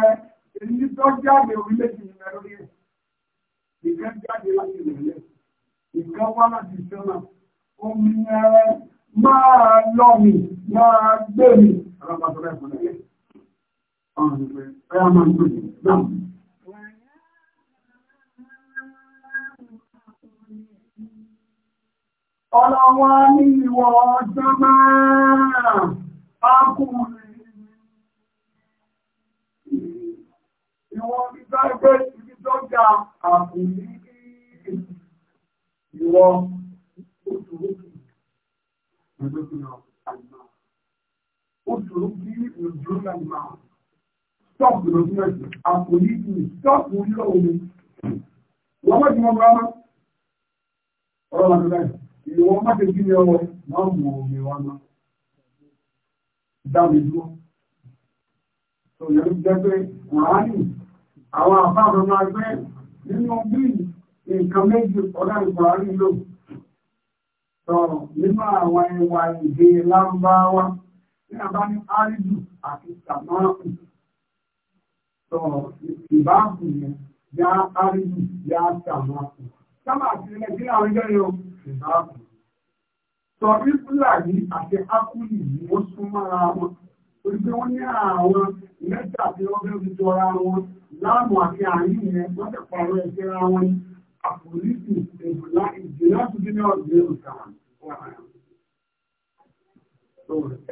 èyí tó jáde orílẹ̀-èdè ìrìnà lórí ẹ̀ ìkan jáde láti ìrìnlẹ̀ ìkan wá láti sọ́nà omi ẹ̀rẹ máa lọ mi máa gbé mi alábàtọ́lá ìfọ̀lẹ́ yẹn ọ̀rọ̀ ìfẹ́ ẹ̀yà máa ń Ọlọ́wọ́ ní ìwọ̀ ọjọ́ máa ń kúrò ìwọ̀n ti sáré ibi tó ga àbùlí ìwọ̀n oṣùrùkì ìdókòlò àgbà oṣùrùkì ìdókòlò àgbà stop the movement àbùlí stop wúlò omi wọ́n mọ̀ tí wọ́n bá ọ̀rọ̀ làbẹ́lẹ́ ìwọ̀n má ti kí ni ọwọ́ wọ́n mú omi wọn náà dá mi dúró. Sọ̀rọ̀ yẹn jẹ́ pé Kùránì àwọn àbábọ̀ máa gbẹ́ nínú bí nǹkan méjì ọ̀dá ìgbàrí lò sọ nínú àwọn ẹwà ìdè lámbáwá ní àbá ní áríjù àti sàmáàkù sọ ìbáàkù yẹn yá áríjù yá sàmáàkù sábà sí ilẹ̀ sí àwọn ẹgbẹ́ yóò ìbáàkù sọ ìfúlàní àti ákùlì ni ó súnmọ́ra wọn Oríṣi wọ́n ní àwọn mẹ́ta tí wọ́n fẹ́ fi jọra wọn láàmù àti àárín yẹn wọ́n tẹ̀ pààrọ̀ ẹ̀ṣẹ́ ra wọn ní àpòlísì ìbùlá ìjìlá tuntun ní ọ̀dẹ́ òkà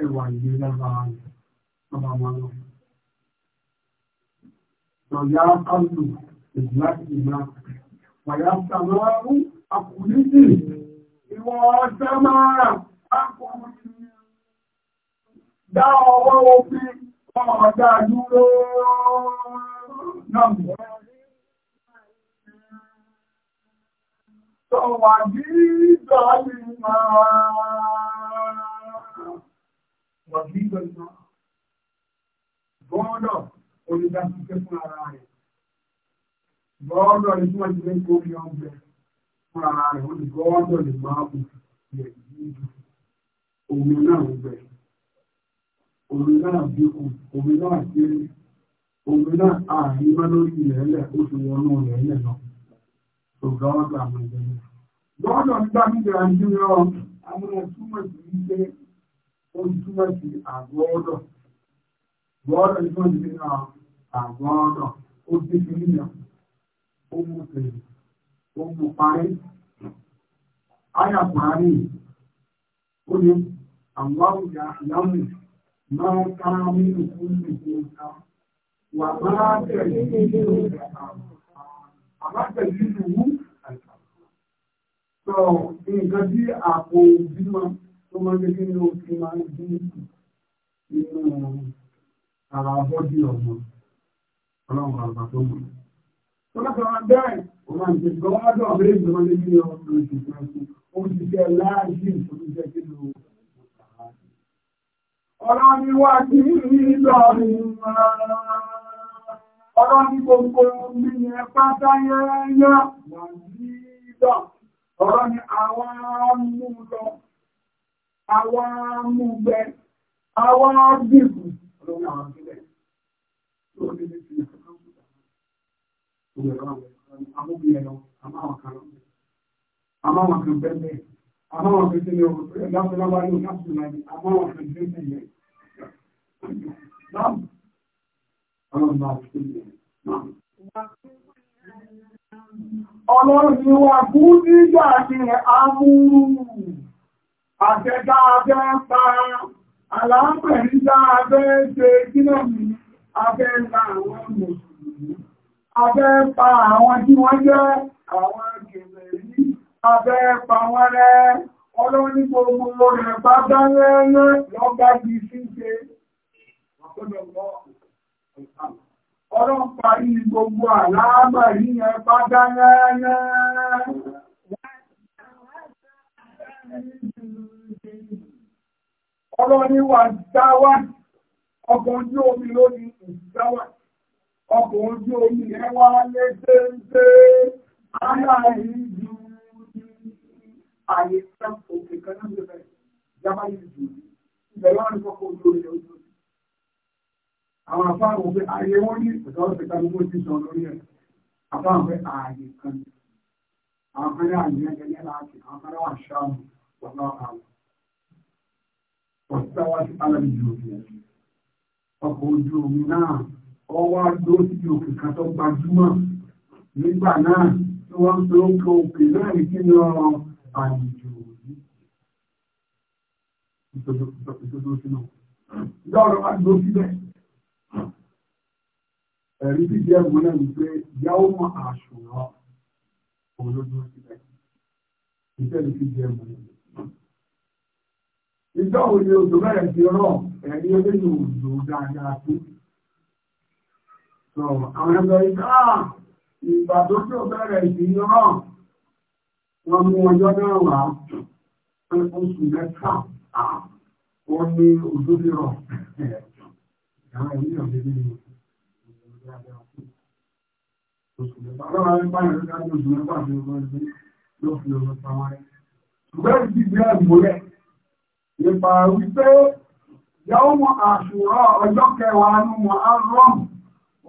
ẹwà yìí lábára ọba máa lọ. Lọ̀yà Kálù ìjìlá ìjìlá. Wàyà Sàmárù àpòlísì ìwọ̀ ọ̀sẹ̀ máa àpòlísì dá ọwọ́ òfin ọmọdá dúró náà Sọ̀wà bí ìjọ́lì máa wà bí ìjọ́lì máa. Gọ́ọ̀dọ̀ olùdásíkẹ́ fún ara rẹ̀. Gọ́ọ̀dọ̀ ìtúwà ìgbẹ́ ìgbórí ọmọ fún ara rẹ̀ olùgọ́ọ̀dọ̀ lè máa bù rẹ̀ yìí. Òun náà ń bẹ̀rẹ̀ omi náà dínkù omi náà kéré omi náà ààrin mọ́ lórí ilẹ̀ ó ti wọnú ilẹ̀ náà ṣùgbọ́n wọ́n gbà mọ́ ilẹ̀ náà. lọ́dọ̀ nígbà nígbà nígbà àwọn túmọ̀ sí wípé ó túmọ̀ sí àgọ́ ọ̀dọ̀ gbọ́dọ̀ túmọ̀ sí àgọ́ ọ̀dọ̀ ó ti fi níyà ó mú tèrè máa ká nínú fún ìgbòǹkà wà máa tẹ̀lé nínú ìgbàkà àmá tẹ̀lé nínú wú àìkà. Sọ nǹkan tí àpò bímọ tó máa jẹ́ kí ní o ti máa dín nínú ara bọ́dí ọmọ ọlọ́run àgbà tó mọ̀. Tó lọ́sọ̀ máa bẹ́ẹ̀ o máa ń tẹ̀sí gbọ́n wájú ọ̀bẹ́rẹ́ ìgbìmọ̀ lé ní ọmọ ìṣèjọba ó ti ọ̀rọ̀ ni wà kí nílò ọ̀rọ̀ ni gbogbo ní ẹ̀pá táyé yá wà nílò ọ̀rọ̀ ni àwọn amúlọ àwọn amúgbẹ àwọn bíbù ọ̀rọ̀ àwọn akílẹ̀ tó ní ní ti ìfẹ́ àmọ́ wọn fi sílẹ̀ òkùnkùn lọ́pọ̀lọpọ̀ ní ìkásùnmọ̀ àmọ́ wọn fi sílẹ̀ yẹn. Náà, ọlọ́run bá fi sílẹ̀ náà. Ọlọ́run ni wà fún nígbà ní amúrú àtẹ́dáadẹ́ pa aláàpẹ̀rí dáadẹ́ ṣe gínà ní abẹ́ ńlá àwọn mùsùlùmí. Abẹ́ pa àwọn tí wọ́n jẹ́ àwọn gẹ̀mẹ̀rí abẹ́ pàwọ́rẹ́ ọlọ́ní gbogbo rẹ̀ bá bá lọ́gbà síse gbogbo àlàábà yíyẹn bá dá rẹ́rẹ́ ọlọ́ni ọkọ̀ ojú omi lónìí ìdáwà ọkọ̀ ojú omi ẹwà lẹ́sẹ̀ẹ́sẹ́ ààyè sẹ́ǹpù nìkan náà ló bẹ̀rẹ̀ yaba yìí jù ibẹ̀ lọ́wọ́ ní kọ́kọ́ ojú orí ojú orí. Àwọn afáàrùn pé ààyè wọ́n ní ìtọ́ ìta ní wọ́n ti sọ lórí ẹ̀. Afáàrùn pé ààyè kan ní. Àwọn kan ní ààyè ẹgbẹ́ ní láti, àwọn kan náà ṣáàmù wọ́lá àwọn. Ọ̀sítà wá sí alẹ́ ju omi ẹ̀. Ọkọ̀ ojú omi náà, ọ wá dó sí òkè kan tó gbajúmọ̀. Nígbà náà, tí wọ́n ń pe òkè náà ní ni ọ̀rọ̀ banjuri ìtòdó sínú ìdáwọ̀lọ́ máa ló síbẹ̀ ẹ̀rí bí díẹ̀ mọ́ náà ní pé yàwó mọ́ àṣùwọ́ òun ló dúró síbẹ̀ ìtẹ́lù sí díẹ̀ mọ́ náà ìdáwọ̀ ni odò bẹ̀rẹ̀ sí rọ̀ ẹ̀rí eléyìí òjò dáadáa tó sọ àwọn ẹgbẹ́ ìgbà tó tó bẹ̀rẹ̀ sí rọ̀ wọ́n mú ọjọ́ náà wá pé oṣù mẹ́fà wọ́n ní ojú rírọ̀ ìyára ìlú ọ̀dẹ́ ní oṣù mẹ́fà lọ́wọ́ ẹgbẹ́ ìlú ká ní oṣù mẹ́fà ṣùgbọ́n ìdí àgbòlẹ̀ nípa wípé yàwó mọ àṣùrọ̀ ọjọ́ kẹwàá nù mọ́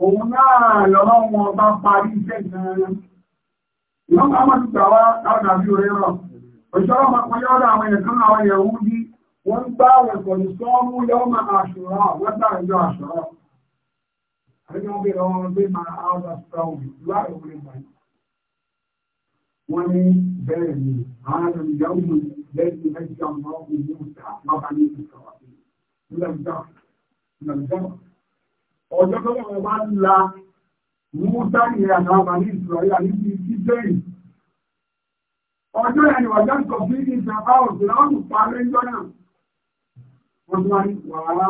òun náà lọ́wọ́ wọn bá parí iṣẹ́ ìdáná Ìwọ́n máa máa ti gbà wá láwọn àbí orí rọ̀. Òṣìṣọ́rọ̀ máa pọ̀ yọ́dọ̀ àwọn èèyàn kan àwọn èèyàn wú bí wọ́n ń gbá àwọn ẹ̀kọ́ ní sọ́ọ́mú yọ́ máa àṣùrọ̀ wọ́n gbà ẹjọ́ àṣùrọ̀. Àríkà wọn bèèrè wọn gbé máa áwọ́dà sọ́ọ̀mù láàrín orí ìgbà yìí. Wọ́n ní bẹ́ẹ̀ ni àwọn ìyàwó lẹ́yìn Múta ni àwọn àbàní ìsìnrọ̀lá níbi tí jẹ́rì. Ọjọ́ ẹni wàjá sọ sí ìjọba òṣèlú ọdún parí ń jọ́nà. Wọ́n tún wá ní wàhálà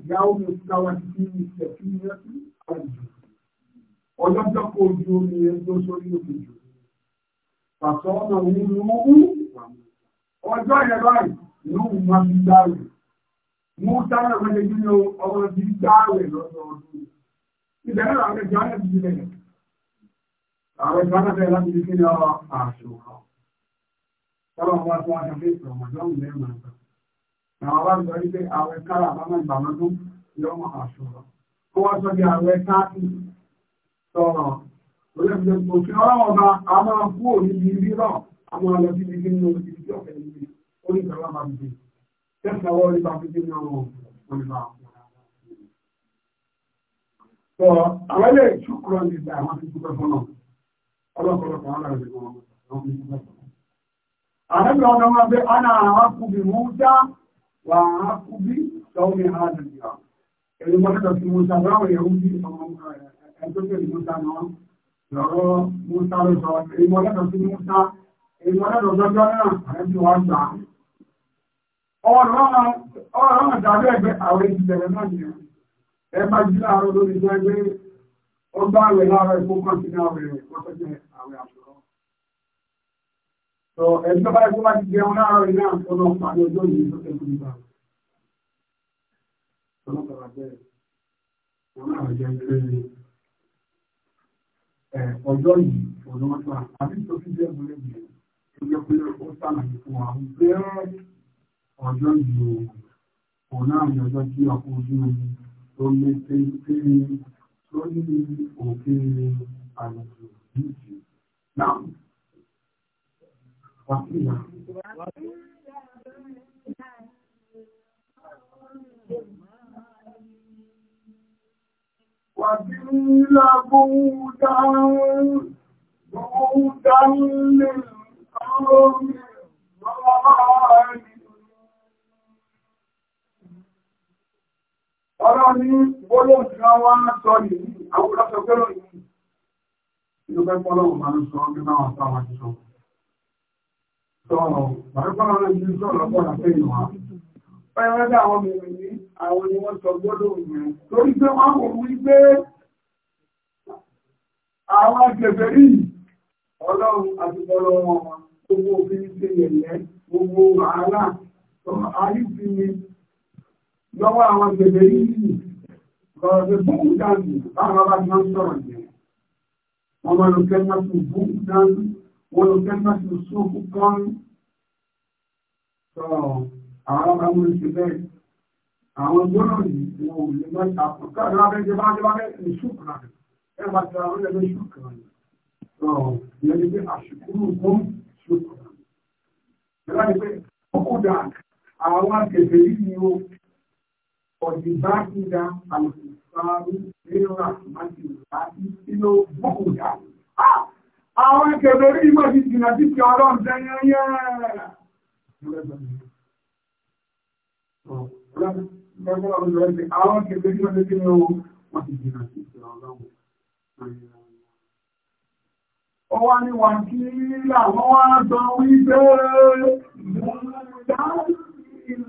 ìyáwó mi ti dáwà sí ìṣẹ̀ sí ilé sí ọjọ́. Ọjọ́ tó kó ojú omi yẹn tó sórí òkè jù. Pàṣọ ọmọ òun ni ó wú. Ọjọ́ yẹn báyìí ló wù máa fi gbá rẹ̀. Múta náà wọlé nínú ọmọ ti gbá rẹ̀ ìbẹ̀rẹ̀ àwọn ìjọ náà ti lẹ̀ àwọn ìjọ náà fẹ́ láti fi ní ọ̀rọ̀ àṣùkọ tọ́lọ̀ wọn fún wọn ṣe fún ọmọ ìjọ ìlú ẹ̀mọ̀ ẹ̀kọ́ àwọn bá ń sọ wípé àwọn ìkára àbámọ̀ ìgbàmọ́dún yọmọ àṣùkọ kó wọ́n sọ bí àwọn ẹ̀ká sọ̀rọ̀ òfin ọlọ́wọ́ bá a máa kú òní bí rírọ̀ àwọn ọlọ́bí ní kí ní orí ìjọ sọ àwọn ilé ìṣúkúrọ̀ ní ìgbà àwọn ti dúpẹ́ fún náà ọlọ́pọ̀lọpọ̀ àwọn àrẹ̀ wọn àwọn ti dúpẹ́ fún náà. àrẹ́bí ọ̀dọ́ wọn pé a náà àwọn akúbi Musa wà àwọn akúbi sọ́ọ́mì àádọ́gbà èyí mọ́tò sí Musa báwọn yẹ̀wù bí ọmọ ẹ̀tọ́ sí Musa náà lọ́rọ́ Musa ló sọ èyí mọ́tò sí Musa èyí mọ́tò sọ́jọ́ náà àrẹ́bí wọn gbà ọ̀rọ̀ àwọn ìdàgbẹ́ ẹ bá jí láàárọ̀ lórí jẹ́ pé ó bá àwẹ̀ láàárọ̀ ìfún kan sí ní àwẹ̀ rẹ̀ wọ́n fẹ́ jẹ́ àwẹ̀ àṣọ́rọ̀. sọ ẹni tó bá ikú bá ti jẹun láàárọ̀ iná ọ̀nà pàdé ọjọ́ yìí tó tẹ̀kù nígbà ọ̀nà tọ̀rọ̀ bẹ́ẹ̀ ọ̀nà àjẹ́ pé ọjọ́ yìí ọ̀nà ọjọ́ àbí tó fi jẹ́ ìbúlẹ̀ yìí tó jẹ́ pé yìí ọ̀nà àjọ tó lé téńté lórí òkè àlejò méjì náà. Wàkìlà. وَقِيلَ بُعْدًا بُعْدًا لِلْقَوْمِ الظَّالِمِينَ ọ̀rọ̀ ní gbólóǹkan wá ń sọ yìí àwọn ọ̀rọ̀ pẹ̀lú yìí inú pẹ́ pọ́lọ́wọ̀ máa ń sọ ọdún náà sáwọn ti sọ sọ̀rọ̀ pàápàá rẹ̀ yìí sọ̀rọ̀ pọ̀lá pẹ̀lú wa pẹ́rẹ́ àwọn mìíràn ní àwọn ni wọ́n sọ gbọ́dọ̀ yẹn torí pé wọ́n kò wí pé àwọn agbègbè rí ọlọ́run àti ọlọ́run wọn gbogbo òfin ṣe yẹ̀yẹ́ gbogbo wàhálà àrífin lọ́wọ́ àwọn bèbè yìí lọ́rọ̀ bùn dání báwọn bá máa ń sọ̀rọ̀ yẹn wọ́n máa lò kẹ́mọ́ sí bùn dání wọ́n lò kẹ́mọ́ sí sókù kan sọ àwọn bá mú ṣe bẹ́ẹ̀ àwọn gbọ́nà yìí wọ́n ò lè má ta ọ̀ká ìlú abẹ́jẹ́ bá jẹ́ bá bẹ́ẹ̀ ní ṣùkùnà ẹ̀ bá ti àwọn ẹgbẹ́ ṣùkùnà sọ ìyẹn ni pé àṣùkúrù kún ṣùkùnà ìlànà pé ọkọ̀ dà àwọn akẹ̀kẹ̀ yìí ọ̀dìbá ìdá àlùfáàrú rírà àti ìlàtí sínú gbọ́kùdà. Àwọn ìkẹ̀bẹ̀ rí ìmọ̀ ti jìnà sí ti ọlọ́run tẹ́yẹn yẹn. Àwọn ìkẹ̀bẹ̀ rí ìmọ̀ ti jìnà sí ti ọlọ́run Ó wá ní wà kí àwọn wá sọ wípé mú dárí ìlú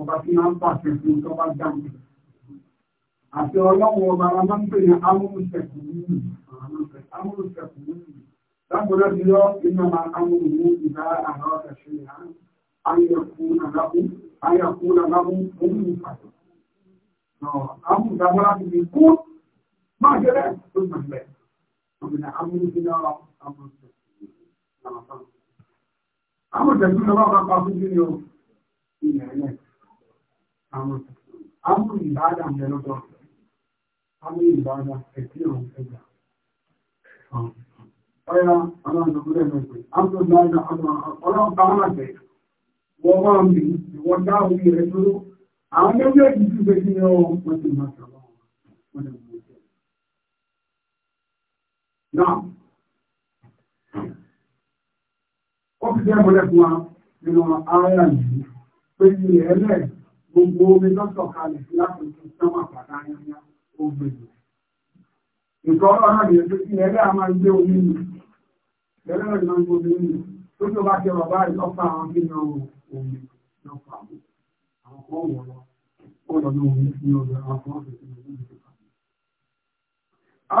ọba tí wọ́n ń pàṣẹ fún tó bá dáhùn. Àti ọlọ́run ọba la máa ń pè ní amúrùsẹ̀kù nínú. Amúrùsẹ̀kù nínú. Lágbọ́dọ̀ bí lọ iná máa amúrù ní ìdá àrà ọ̀dà ṣe yá. Ayẹ̀kú nàlábù, ayẹ̀kú nàlábù, òun ní ìpàdé. Amúrùsẹ̀kù láti fi kú. Máa ṣe bẹ́ẹ̀ tó gbọ̀n bẹ́ẹ̀. Ọ̀gbìn amúrùsẹ̀kù náà amúrùsẹ̀kù nínú. Amúrùsẹ̀kù náà bá pa fún Ìyẹn náà àwọn àwọn ìbáadà ń bẹ lọ́dọ̀ àwọn ìbáadà ẹ̀kí ọ̀hún ẹgbà ọ̀yá aláàdọ̀gbọ́dẹ̀ mẹ́fẹ́ àbúrúdáadà ọlọ́pàá aláàbẹ̀ wọ́n máa ń bí ìwọ́n dá orí rẹ̀ dúró àwọn méjèèjì ti fẹ́ kí ni ọ wọ́n ti máa sọ̀rọ̀ wọn lè mú ẹgbẹ́ náà ó fi wa nínú ààrẹ yìí pé ilẹ̀ ẹlẹ́ẹ̀ gbogbo omi lọ́sọ̀ kalẹ̀ láti tún sánmà pàdá yányá ogun ìlú. Ìkọ́ ọ̀nà ìyẹn tó ti ẹgbẹ́ a máa ń gbé omi nù. Ẹgbẹ́ náà máa ń gbé omi nù. Tó tó bá ti rọ̀ báyìí lọ́pàá àwọn kí ni ọ̀rọ̀ omi lọ́pàá àwọn. Àwọn wọ̀ lọ. Ó lọ ní omi ní ọ̀dọ̀ àwọn kan ọ̀sẹ̀ tí wọ́n ti fà.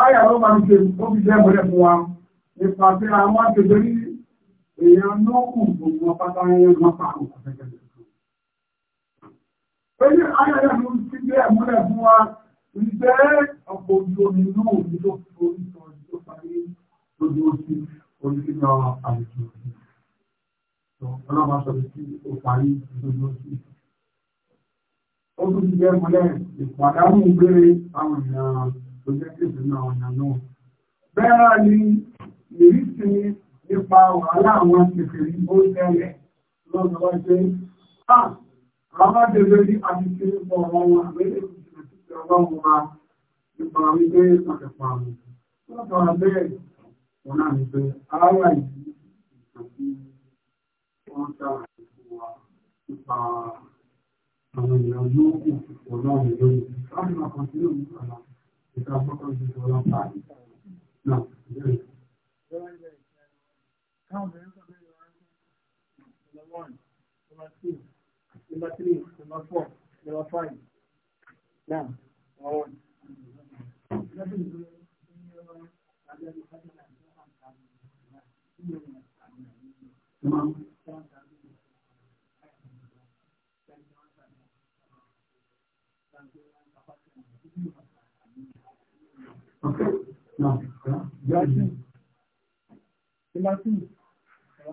Àyà ló máa ń ṣe ó fi jẹ́ mọ́lẹ̀ fún wa. Nípa pé àwọn àgbègbè èèyàn ló kù gbogbo pátá yẹn lọ́pàá àwọn kọ̀ọ̀kẹ́ Pẹ̀lú ayẹyẹ ló ń ti gbé ẹ̀múlẹ̀ fún wa, ìgbẹ́ ọ̀pọ̀ ojú omi náà ní ló fi orí sọ orí tó parí lójú oṣù orí nínú àìsàn òsì. Ọlọ́run aṣọ mi sí ó parí lójú oṣù. Ó tún ti jẹ́ ẹ̀múlẹ̀ ìpàdánù gbére àwọn èèyàn tó jẹ́ kéde ní àwọn èèyàn náà. Bẹ́ẹ̀ ni ìrísí nípa wàhálà àwọn kèfèrí ó tẹ̀lẹ̀ lọ́dọ̀ wájú. Àwọn àjẹ́jẹ́ bí a ti ṣe fọ́ ọmọ wọn àgbẹ́lẹ̀ ìṣẹ̀lẹ̀ ọlọ́run wa nípa wípé ọ̀tẹ̀pọ̀ àrùn. Lọ́pàá bẹ́ẹ̀ wọn náà ní pé aráwà yìí àti wọ́n dára ìfún wa nípa àwọn èèyàn yóò kù ọlọ́run lórí. Láti máa kan sílẹ̀ ní àlà ìta gbọ́dọ̀ ju ọlọ́run báyìí. Náà, bẹ́ẹ̀ number three number four number five now number one. Okay. Now, yeah. Number two. Yeah.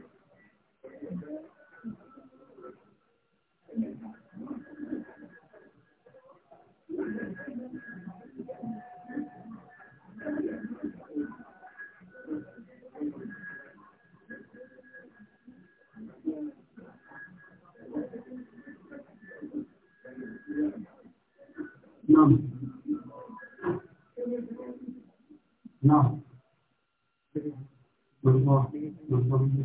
Naam. Naam. Gbogbo gbogbo mi.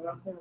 Gracias.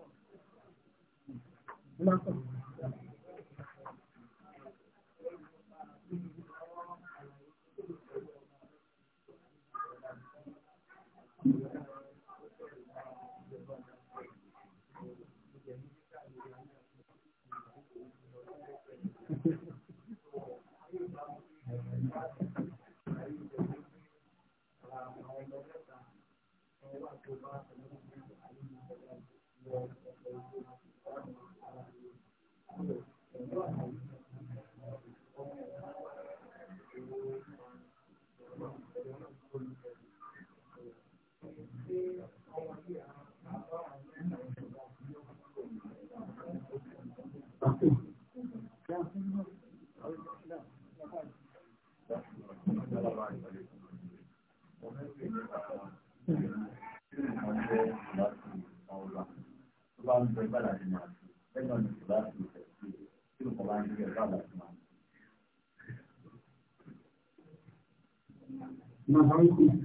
عليكم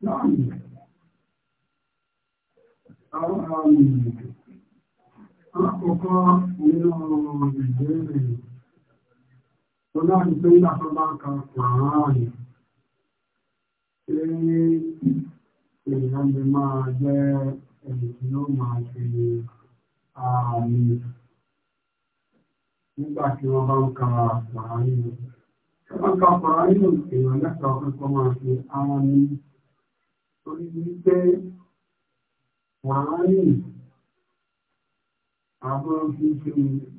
نعم Àkọ́kọ́ nínú ìgbèrè tó láti tó ń dàtọ́ bá ka pàáàrì tí èèyàn lè máa jẹ́ ẹni tí ó máa ṣe ààrẹ nígbàtí wọ́n bá ń ka pàáàrì Ọkọ̀ ọkọ̀rọ̀ nínú èèyàn mẹ́ta ọkọ̀ máa fi ara ní orí wípé wàhálì àwọn fífi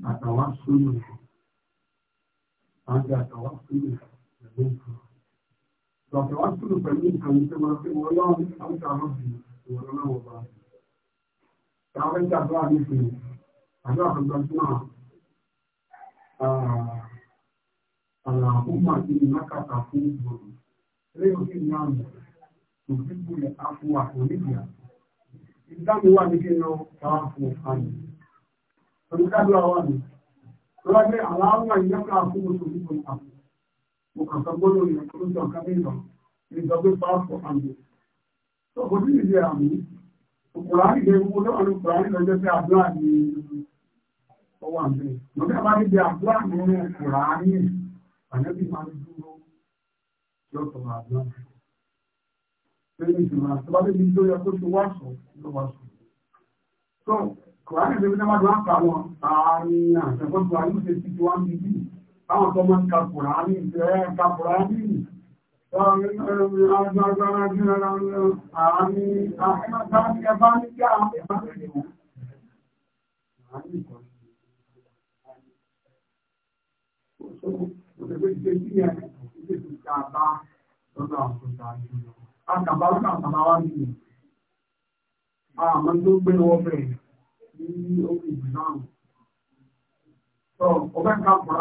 àtàwà sólù àti àtàwà sólù pẹ̀lú nǹkan. Àtàwà sólù pẹ̀lú nǹkan ní pé máa fi wọ́n lọ́wọ́ àwọn àwọn fi ìwọ̀n lọ́wọ́ bá. Àwọn ẹgbẹ́ àdúrà اللهم إنك تفوض ليغفر لنا تحب العفو وليا ìdáhùn wà ní kíni káàfù àmì oníkádùá wà ní lọ́gbẹ́ aláwọ̀ ìyá káàfù oṣù nípa àpò mo kàn sọ gbọ́dọ̀ ní oṣù ọ̀kan nílọ ní ìdọ́gbé káàfù àmì tó kò sí ìdí àmì òkùnrin ìdí ewu lọ́wọ́ ní òkùnrin lọ́jọ́ pé àdúrà ní ọwọ́ àmì lọ́gbẹ́ àbá níbi àdúrà nínú òkùnrin ànábì máa ń dúró lọ́tọ̀ àgbà lẹ́yìn ìṣòro àtọ́wálé ní ló yẹ kó ṣe wá sọ ló wá sọ. tó kòránì ìṣẹ́bí náà máa dùn àpá wọn àárín àtẹ̀kọ́tù àyùṣe ti ti wọ́n bíbí báwọn tó máa ń ka kòránì ìṣẹ́ ka kòránì Thank you òṣèlú ìṣe sí yẹn ìṣe ti ká bá lọ́dọ̀ àwọn tó ṣáájú lọ. Àkàbá ló kàn kan pàrọ̀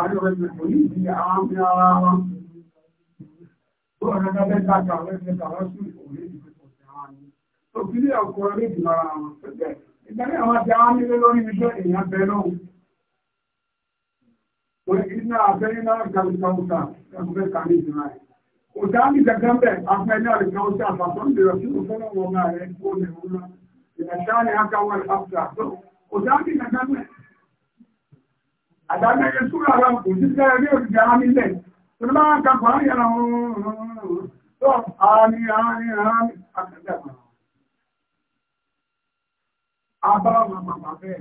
ayọ̀ rẹ̀ kò ní ìdí àwọn ní ara wa. Bọ́ọ̀rọ̀ náà bẹ́ẹ̀ ta kàwé bẹ́ẹ̀ kàwé sí òní ìdíje kò ni. Òkìlẹ̀ ọkọ̀ rẹ̀ ìdìbò ara wọn. Ìgbà ní àwọn àti àwọn lórí iṣẹ́ èèyàn bẹ́ẹ̀ náà torí iná abẹ́rẹ́ náà gàlùkàwùsà ẹgbẹ́ kàrí ìdúrà rẹ̀. Òtá ní gàgánbẹ̀ afẹ́lẹ́ àlùkàwùsà àbàtọ́ ń bèrè sí òfẹ́lẹ́ wọn náà rẹ̀ kó lè wú lọ. Ìrẹ̀ṣá ni akáwọ̀ àfúrà tó. Òtá ní gàgánbẹ̀. Àdágbẹ́yẹ súra ara kò sí sẹ́rẹ̀ ní òrìjà ámílẹ̀. Tó bá ń kakọ̀ á yẹra ooo. Tó àmì àmì àmì àkàdàgbà. Abá wọn bàbá bẹ́ẹ̀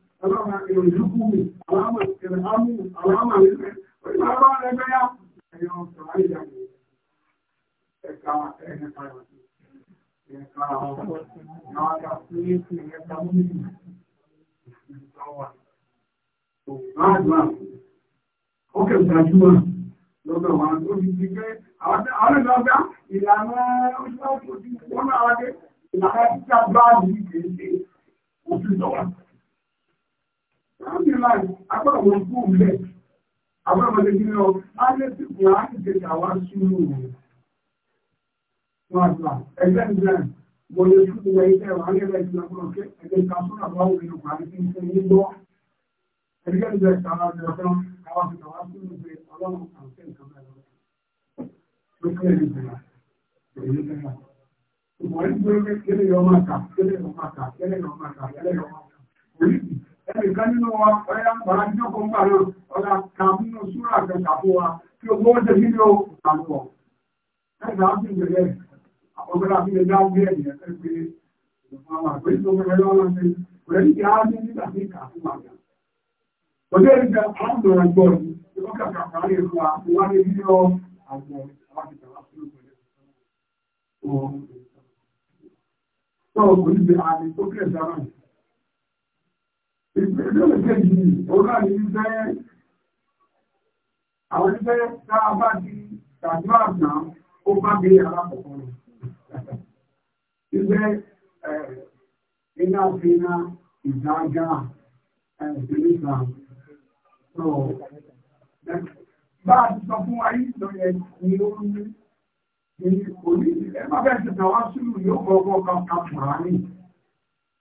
alama ìròyìnkúmi alama ìrìnàmù alama ìrìnàmù onímọ̀ alama ẹgbẹ́ yá ẹ̀yàn sọ̀rọ̀ ayé ìyàwó ẹ̀ka ẹ̀ka ẹ̀ka ọ̀pọ̀ náà yà fún ètò ẹ̀ka mímú ìgbàwà ọ̀gbàdùn ọkẹ̀ gbajúmọ̀ lọ́dọ̀ wọn tó fi di pé àwọn ìlọ́gbà ìlànà oṣù tó ti wọ́n náà wáyé ìlànà títà báàlì kìí ṣe òfin lọ́wọ́. Alhamdulillah, agbọ́dọ̀ wọn kú ilẹ̀. Àwọn ọmọdé ní lọ, a lè ti kùn á ní ṣe àwa súnú rẹ̀. Wọ́n àgbà, ẹgbẹ́ ń bẹ̀rẹ̀, mo lè fún ìwé iṣẹ́ wà ní ẹgbẹ́ ìjọba fún ọkẹ́, ẹgbẹ́ ìta sọ́nà bá wù nínú pàdé tí ń fún yín gbọ́. Ẹgbẹ́ ń bẹ̀rẹ̀ sára ọjọ́ kan, àwọn fi tàwa súnú pé ọlọ́run kan fẹ́ nǹkan bẹ̀rẹ̀ lọ. Ló fẹ́ ẹni bẹ̀rẹ̀, èyí bẹ̀rẹ̀. Ìmọ̀ ẹgbẹ́ kéde yọ máa kà, kéde yọ máa kà, kéde yọ máa kà, kéde yọ máa kà, ẹnìkan nínú wa ọ̀yá ọ̀rá ní ọkọ̀ ńgbà náà ọ̀dà kàmínú súrà kẹta fún wa kí o gbọ́ ṣe nílò àlùkọ̀. ẹ̀sà á sì ń bẹ̀rẹ̀ ọ̀gbẹ́ra fi lè dáwọ́ bí ẹ̀yẹ ẹ̀ pé àwọn àgbẹ̀ tó bẹ̀rẹ̀ lọ́wọ́ ṣe pẹ̀lú ìyá ní nígbà tí kà fún wa. ọjọ́ ìjà àgbọ̀ Ìgbésẹ̀ kejì ọ̀rọ̀ ní ìfẹ́ àwọn ìfẹ́ táa bá di tàbí àgbà ó bá gbé alákọ̀ọ́kọ́ rẹ̀. Ìfẹ́ iná fi iná ìdájá ìfẹ́lẹ́sà lọ. Bá a ti sọ fún wa yìí lọ yẹ ni ó ń ní orí ẹ má bẹ́ẹ̀ ṣe tàwọn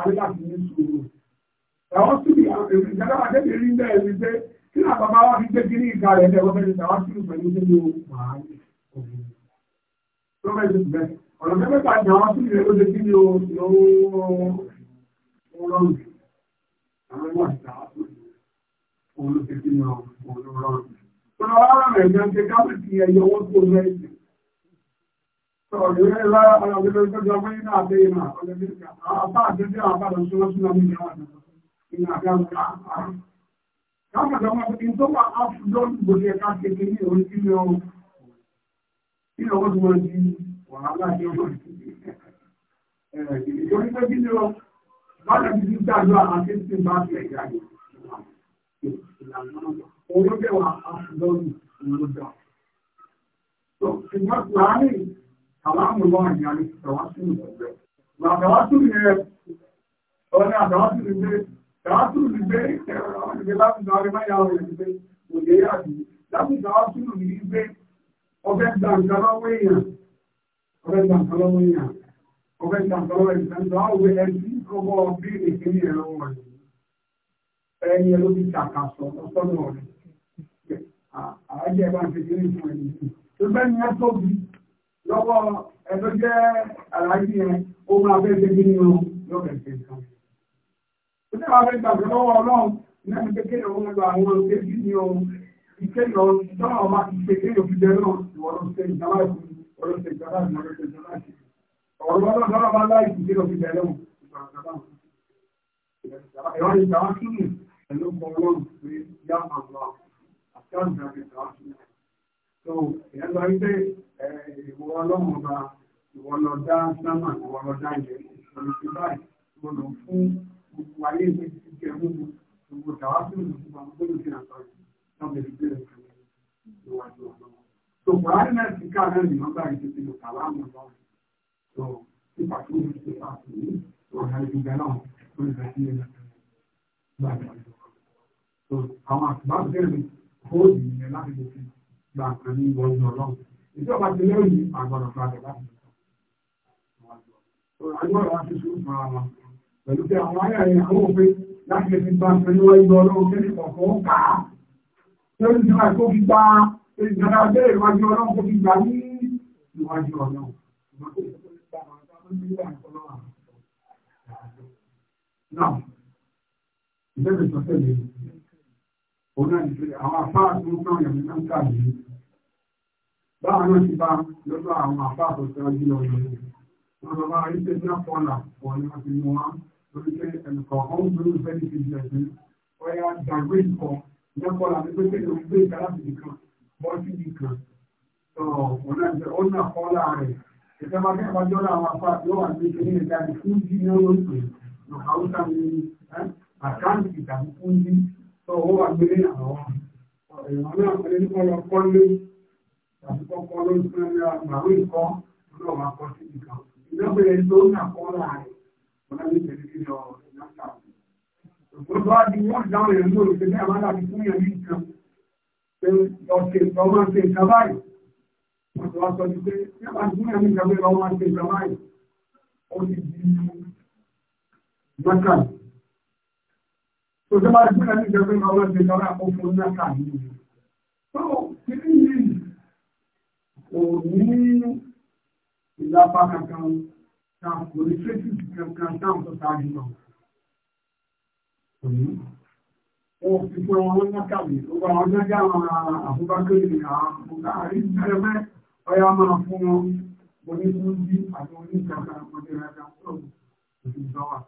àríkàtì ní sùúrù ẹ̀wọ́n síbi ìjọba àdébìrin bẹ́ẹ̀ ni pé ń òun tó bẹ́ẹ̀ ti bẹ́ẹ̀ ọ̀nà mẹ́fẹ́fà ni àwọn síbi rẹ̀ ló ṣe kí ni ó rọrùn àwọn ìwà ìta òun ló ṣe kí ni ó rọrùn. Tọ́lá wa rà rẹ̀ Káàkiri ọmọ ìpín tó wà áfùdọ́n gbòdì ẹ̀ká kékeré ní orí kí lọ ilẹ̀ ọwọ́ tó wọ́n di wàhálà ní ọmọ ìpínlẹ̀. Ìjọrí pé kí lọ bára bí i dájú àti ti bá ti ẹ̀gá yìí. alarmlon yani savaşın La davasul ne? de, davasul ne? Davasul ne? Vela bir darıma yavru ne? Bu ne ya? La bu davasul ne? O ben dansala oya. O ben dansala é O ben dansala oya. Ben é o enerji kobo bir ikini yere olmalı. Ben yolu bir çakarsın. O sonra olur. Ağacı yaban fikrini söyleyeyim. Ben ne yapabilirim? lọ́wọ́ ẹ̀tọ́ jẹ́ àlàájì yẹn ó máa fẹ́ ṣe nínú lọ́bẹ̀ ṣe kan. ó ní àwọn afẹ́ gbàgbé lọ́wọ́ ọlọ́run náà ní o ìkéyọ̀ tọ́nà ọba ti ṣe kéyọ̀ fi jẹ náà ìwọ ló ṣe ìjọba ìlú ọ̀rọ̀ ṣe ìjọba ìlú ọ̀rọ̀ ṣe ìjọba ìlú ọ̀rọ̀ lọ́dọ̀ tọ́nà ọba láì ti kéyọ̀ fi jẹ lẹ́wọ̀n ìwọ ìwọ ọlọ́run bá ìwọ lọ dá sámà ìwọ lọ dá ilẹ̀ ìṣòro ti báyìí mo lò fún gbogbo ayé mi ti jẹ mú mi gbogbo tàwa fún mi gbogbo àwọn gbogbo fi hàn sọ̀rọ̀ náà bẹ̀rẹ̀ bẹ̀rẹ̀ ìṣòro ìwájú ọlọ́run. tó buhari náà ti ká náà nìyọ́n bá ìṣe ti lò tàwa mọ̀ lọ́wọ́ tó ipa tó ń ṣe pàtó ní ọ̀nà ìgbẹ́ náà tó ń bẹ̀rẹ̀ sí ilẹ̀ gbàgbọ́. àwọn àtúbà bẹ̀rẹ̀ fóònù yẹn láti lè fi gbà kan ní ìwọ́jú ọlọ́run ìjọba ti lẹ́yìn àgbọ̀nà fàdé láti agbọ́dọ̀ wá sí sùúrù fún ara wọn pẹ̀lú pé àwọn ayé àyè àwọn òfin láti lè fi gba pẹ̀lú ẹgbẹ́ ọlọ́run kí ní kọ̀ọ̀kan ó kà á lórí ìjọba tó fi gba ìjọba bẹ́ẹ̀ ìwájú ọlọ́run tó fi gbà ní ìwájú ọlọ́run Now, ìbẹ̀rẹ̀ sọ́tẹ̀ lè rí. Òun náà ní pé àwọn afárá tó ń kọ́ ìyàmí náà ń kà yìí báwọn náà ti bá lọ́dọ̀ àwọn àpáàtọ̀ tí wọ́n jí lọ yìí wọ́n lọ bá rí tẹ́jú àpọ́nà pọ̀ ní wọ́n ti mú wa lórí pé ẹnìkan kan ń gbé ìfẹ́ ní ti jẹ̀ sí ọ̀yà dàgbé ìkọ lẹ́kọ̀ọ́lá ní pé kéde ń gbé ìkàlá sí kan bọ́ sí ibi kan tó ọ̀nà ìjẹ́ ó nà kọ́ láàrẹ̀ ìjọba kẹfà jọ́lá àwọn afá yóò wà ní kéde ìjà ní fún jí ní ó pè ní tàbí kọ́kọ́ ló ń fẹ́ gbàwé nǹkan lọ́dọ̀ máa kọ́ sí nǹkan. ìjọba ẹni tó ń àkọọ́lá rẹ̀ wọn láti tẹ̀lé kí lọ ìlànà. òṣèlú wa di wọ́n dáhùn ẹ̀ lórí pé bẹ́ẹ̀ máa dàbí fún yẹn ní nǹkan. pé ọ̀sẹ̀ ìtọ́ máa ń ṣe nǹkan báyìí. wọ́n ti wá sọ ti pé bẹ́ẹ̀ máa fún yẹn ní nǹkan bẹ́ẹ̀ lọ́wọ́ máa ṣe nǹkan báyìí. ó ti di nákàlì. òṣèlú wa fún yẹn ní nǹkan bẹ́ẹ̀ kò ní ìlápá kankan táà kò ní fẹ́tìsì kankan táà tó sáájú lọ. Wọ́n fi pé wọn lọ́nà kàlẹ̀, ó ah, bá wọn jẹ́ àwọn àfúbákẹ́lẹ̀ àwọn àríṣẹ́rẹ́mẹ́ ọya máa fún wọn onígbóndí àti oníkàkà ọdẹ́rẹ́dá ọ̀rọ̀ ìjọba.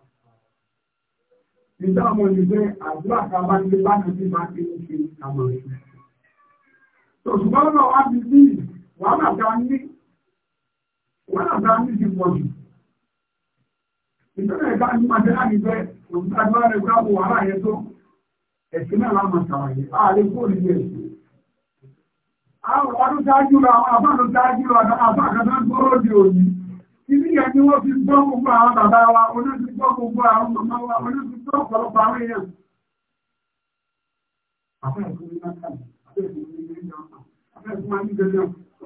Ìjọba àwọn ìgbẹ́ àdúrà ká bá ní bá ní bá ní wàhálà dá ní wàhálà dá ní ti pọ̀ jù ìjọba ẹ̀ka ní máa tẹ́lá níbẹ̀ òǹtagbára rẹ̀ gbá bò wàhálà yẹn tó ẹ̀sìn náà láwọn àtàwàyè ààrẹ fóònù yẹn ẹ̀sìn. àwọn ọdún dájú lọ àwọn àbáàdó dájú lọ àbáàkàtà gbọ́rọ̀ di òní ibi yẹn ni wọ́n fi gbọ́ gbogbo àwọn bàbá wa gbọ́ gbogbo àwọn màmá wa gbọ́ ọ̀pọ̀lọpọ̀ àwọn èèyàn.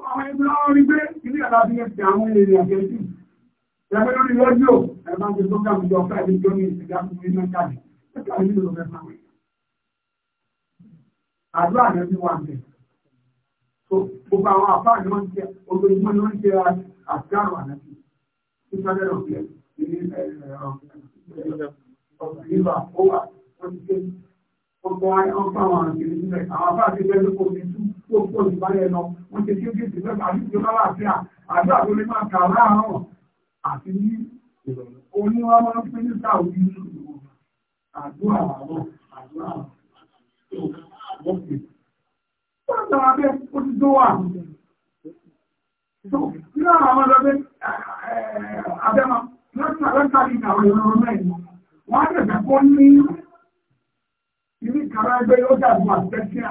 àwọn ẹgbẹ́ ọ̀rí pé ilé ẹ̀dá bí ẹ ti àwọn èrè àjẹ́jì ẹgbẹ́ lórí lọ́jọ́ ẹ̀bá ti tó kà mùjọ ọ̀fẹ́ àti jọ́ni ìṣẹ̀dá fún mi náà jáde ẹ̀ka ìlú ló fẹ́ fáwọn àdúrà rẹ̀ ti wà bẹ̀ so gbogbo àwọn àfáà ni wọ́n ti ṣe ojoojúmọ́ ni wọ́n ti ṣe àṣìkárò àlàkì ìṣẹ́lẹ̀ ọ̀fẹ́ ní ìlà ó wà wọ́n ti ṣe gbogbo àwọn àfáà ti bẹ́ẹ̀ lóko ní tú pọ̀ jù báyẹn lọ wọ́n ti kí ó gèsè mẹ́fà àti ìjọba láàfíà àdúrà tó lè máa kà láàárọ̀ àti ní oníwà máa ń pín ní sàwùí àdúrà àárọ̀ àdúrà àwọ̀kè. Wọ́n ń tọ́ra bẹ́ẹ̀ ó ti tó wà. Nínú àwọn ọmọ ọlọ́gbẹ́ abẹ́mọ lọ́sàn lọ́sàrí àwọn ìrọ̀rùn mẹ́rin wọ́n á tẹ̀sẹ̀ kó ní ilé kàrá ẹgbẹ́ yóò dàbí àtẹ́síà.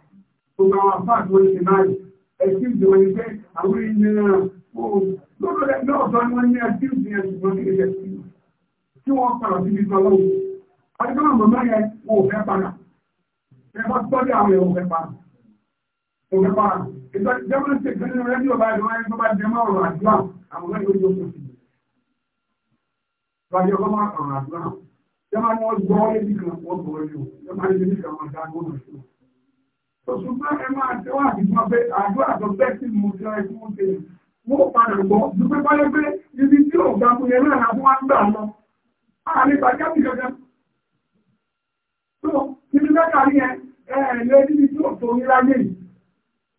gbogbo àwọn àfáà tó ṣe báyìí ẹ̀sìn ìjọba ni pé àwọn ènìyàn náà ó lọ́dọ̀ lọ́ọ̀tọ́ ni wọ́n ní ẹ̀sìn ìjọba ṣùgbọ́n kí ẹ̀sìn ìjọba tí wọ́n padà sí ibi tọ́lọ́ Adékọ́nà màmá yẹn wọ́n ò fẹ́ padà. Ẹ bá tọ́jú àwọn èèyàn ò fẹ́ padà. Ò fẹ́ padà. Ìgbà tí Jẹ́mọ́n ṣe kan nínú rẹ́díò báyìí lọ́wọ́ ẹni tó bá jẹ́ máa ọ̀rọ̀ àdúrà àwọn ọmọ ìlú yóò fi. Bàjẹ́ ọkọ máa ọ̀rọ̀ àdúrà. Jẹ́mọ́n ni wọ́n gbọ́ ọ́ lébi kan wọ́n gbọ́ ọ́ lébi kan wọ́n dá gbọ́dọ̀ sí wọn ṣùgbọ́n ẹ máa tẹ́wọ́ àdìgbọ́n pé àdúrà tó bẹ́ sí mo jọ ẹkú mo tẹ̀lé mo padà gbọ́ dúpẹ́ pálẹ́ pé ibi tí ò ga fún yẹn náà la fún wa ń gbà lọ àárín bàjẹ́ bí kankan tó ibi mẹ́ta rí ẹ ẹ lé níbi tí ò tó ní láyé yìí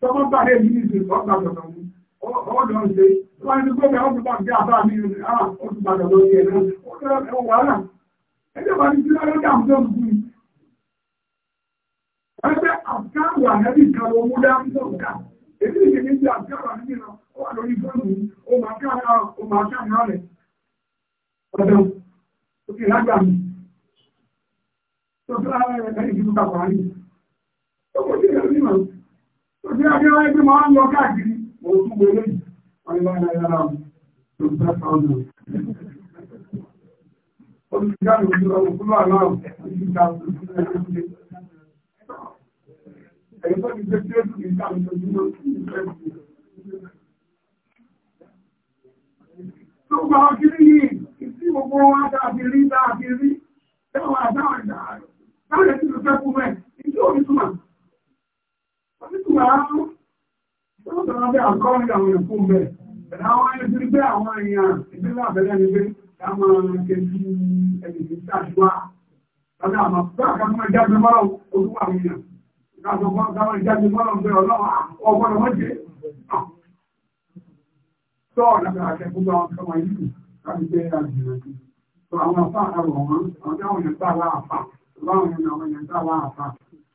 tọmọ bàrẹ yìí ní ìsìn ọgbà tọ̀tọ̀ mi ọwọ́dọ̀ ń ṣe tó wá ní gbọ́dọ̀ ọdún bá ń gbé àbá mi ní ọdún bàjọ́ lórí ẹ̀ náà ó lọ wàhálà ẹjọ́ bá ti ti lọ́dọ̀ dàmú tó ń kú yìí Ẹgbẹ́ àbúkárù ànẹ́bì kan ló mú dá nínú ọ̀gá. Èdè ìṣe ní ti àbúkárù ànẹ́bì lọ, ó wà lórí fóònù yìí, ó máa ká ara ó máa ká ara rẹ̀. Ọ̀dọ̀ òkè lágbà mi. Tọ́jú ara rẹ̀ lẹ́yìn tí mo bá wà ní. Ó kò sí ìrẹ̀lú ìmọ̀. Tọ́jú ara rẹ̀ pé máa ń lọ káàkiri, mo tún gbé ẹ̀yìn tó ti ṣe tí ó ti ká ìṣojú ló ti ṣe sí. Tó gba ọkí ní ìsí gbogbo wa dàbí rí dàbí rí ẹwà àdáwà ìdáàrọ̀. Láàrẹ̀ tí ló fẹ́ kú mẹ́, ìṣe onítùmọ̀. Onítùmọ̀ á mú. Sọ́dọ̀ lábẹ́ àkọ́rin àwọn ẹ̀kú mẹ́. Ẹ̀dá wọn ẹni tí gbé àwọn èèyàn ìdílé àbẹ́lẹ́ ni pé ká máa kẹjú ẹni tí ṣàdúrà. Lábẹ́ àmọ́ bá Àwọn afá àrọ̀ wọn, àwọn tí àwọn èèyàn tá láàfà, láwọn èèyàn àwọn èèyàn tá láàfà,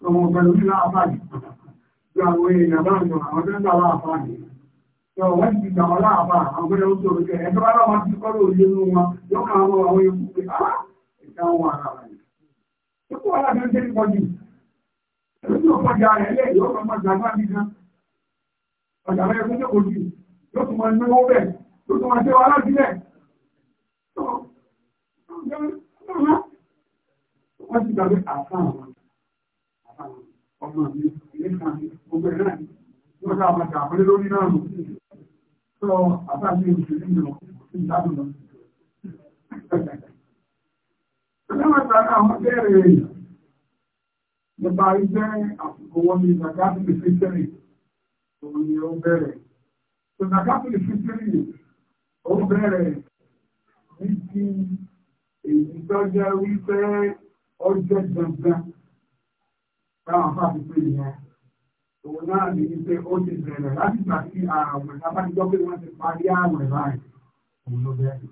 ọmọ pẹ̀lú ní láàfà jù, tí àwọn èèyàn bá ń lọ àwọn tí ó ń tá láàfà ní. Tí wọ́n ti gbà wọn láàfà, àwọn pẹ̀lú ó sọ̀rọ̀ kẹ́ ẹ̀tọ́ bá láwọn ti kọ́ lórí inú wọn, yóò kàn àwọn àwọn èèyàn pé, ah, ìta wọn ara rẹ̀. Ó Ẹ̀rọ tí ó pàjá rẹ̀ lẹ́yìn yóò máa máa gbàgbá mi gan. Ọjà rẹ̀ fún jẹ́ òjì, yóò tún máa náwó bẹ̀, yóò tún máa jẹ́ wa lábílẹ̀. Wọ́n ti gbàgbé àfáà wọn. Ọmọ mi, ilé kan, gbogbo ẹ̀rọ náà, wọ́n sá máa jà àpẹẹrẹ lórí náà nù. Sọ àfáà mi ò sì nínú ìdádùn lọ. Ẹ̀rọ máa gbàgbé àwọn bẹ́ẹ̀rẹ̀ èèyàn nípa iṣẹ́ àsìkò wọn ni zakatili fitiri òun ni ó bẹ̀rẹ̀ so zakatili fitiri ó bẹ̀rẹ̀ ní ti èyí tó jẹ́ wípé ọjọ́ dandan táwọn afáàfin pè yẹn òun náà ní wípé ó ti bẹ̀rẹ̀ láti gbà sí ààwẹ̀ lábàjọ́ pé wọ́n ti parí ààwẹ̀ báyìí òun ló bẹ̀rẹ̀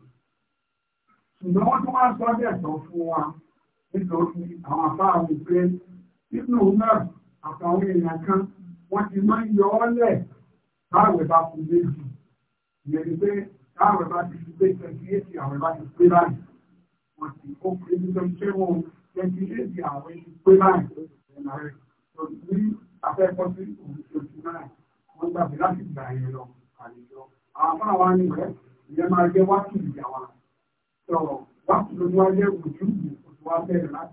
ṣùgbọ́n wọ́n tún wá sọ́dẹ̀ sọ fún wa nítorí àwọn afáàfin pé nínú náà àtàwọn èèyàn kan wọ́n ti máa ń yọ ọ́ lẹ̀ táwẹ̀ bá kú méjì ìyẹn ni pé táwẹ̀ bá ti fi pé twenty eight àwẹ̀ bá ti pé báyìí wọ́n ti kó pé ní twenty seven twenty eight àwẹ̀ ti pé báyìí ọ̀nà rẹ̀ tó ní afẹ́kọ́ sí òun twenty nine wọ́n gbàgbé láti gbà yẹn lọ àlejò àwọn afáwọn ni rẹ̀ ìyẹn máa jẹ́ wákìlì ìyàwó sọ̀rọ̀ wákìlì ló ní wáyé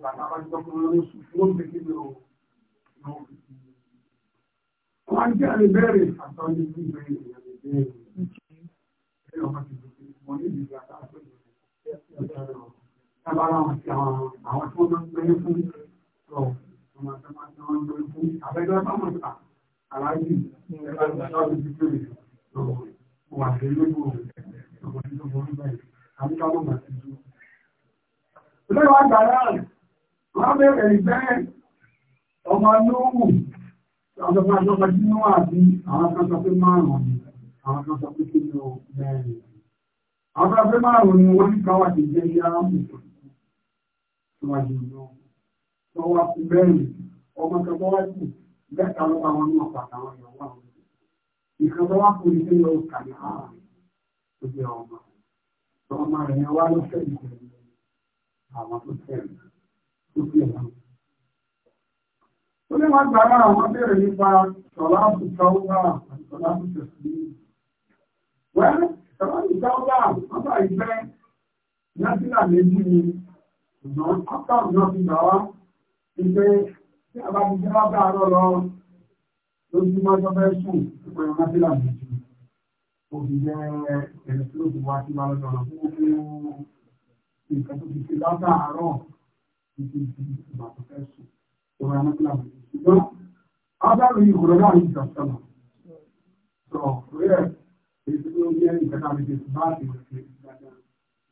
Wọ́n jẹ́ àrẹ́bẹ̀rẹ̀ àtọ́jú sí ìgbẹ̀rẹ̀ ìrìnàjò ẹ̀rọ ọmọ ti dùn mọ́ ní ìdíje àtàkùn ìrìnàjò. Tábára wọn ti àwọn tí wọ́n máa ń gbẹ́rẹ́ fún ọ̀ ọmọ tí wọ́n ń gbẹ́rẹ́ fún àbẹ́gbẹ́ bá mọ̀ ta aláàjì ẹ̀rọ ìgbàlódé ti pèrè wà lórí ọmọ tí wọ́n ń gbẹ́rẹ́. Àbúkọ́ wọ́n bẹ̀rẹ̀ ìgbẹ́ ọmọ lóòwù ọ̀dọ̀fà àjọba jínú àti àwọn kan sọ pé márùn-ún ni àwọn kan sọ pé kí ni ó mẹ́rin àwọn kan sọ pé márùn-ún ni wọ́n ní káwà ti jẹ́ yá síwájú lóòwù tó wá kú mẹ́rin ọmọ kan tó wá kù mẹ́ta ló bá wọn ní ọ̀pá àtàwọn ìyàwó àwọn ìkan tó wá kù ní ìgbẹ̀rẹ̀ àwọn tó tẹ̀lé tó fi hàn. Ó ní wọ́n gbàrá àwọn béèrè nípa sọ̀láàbù káwọ́bà àti sọ̀láàbù tẹ̀sí. Wẹ́ sọ̀láàbù káwọ́bà ọba ìgbẹ́ Nàìjíríà méjì ni ṣùgbọ́n ápáàmù náà ti gbà wá ìgbẹ́ tí a bá ti jẹ́ bá bá lọ lọ lójúmọ́ tó fẹ́ sùn ìpè Nàìjíríà méjì. Òbí jẹ́ ẹ̀rẹ́ tí ó ti wá sí wa lọ́dọ̀ ọ̀nà fún nǹkan títí di ìgbà tó fẹ́ sùn tó ra mọ́tílà mọ́ ṣùgbọ́n ábẹ́rù yìí kòrò náà yìí dàtọ́là sọ orí ẹ̀ èyí tó ní ẹni ìjọba mi ti bá àti ìrẹsì dáadáa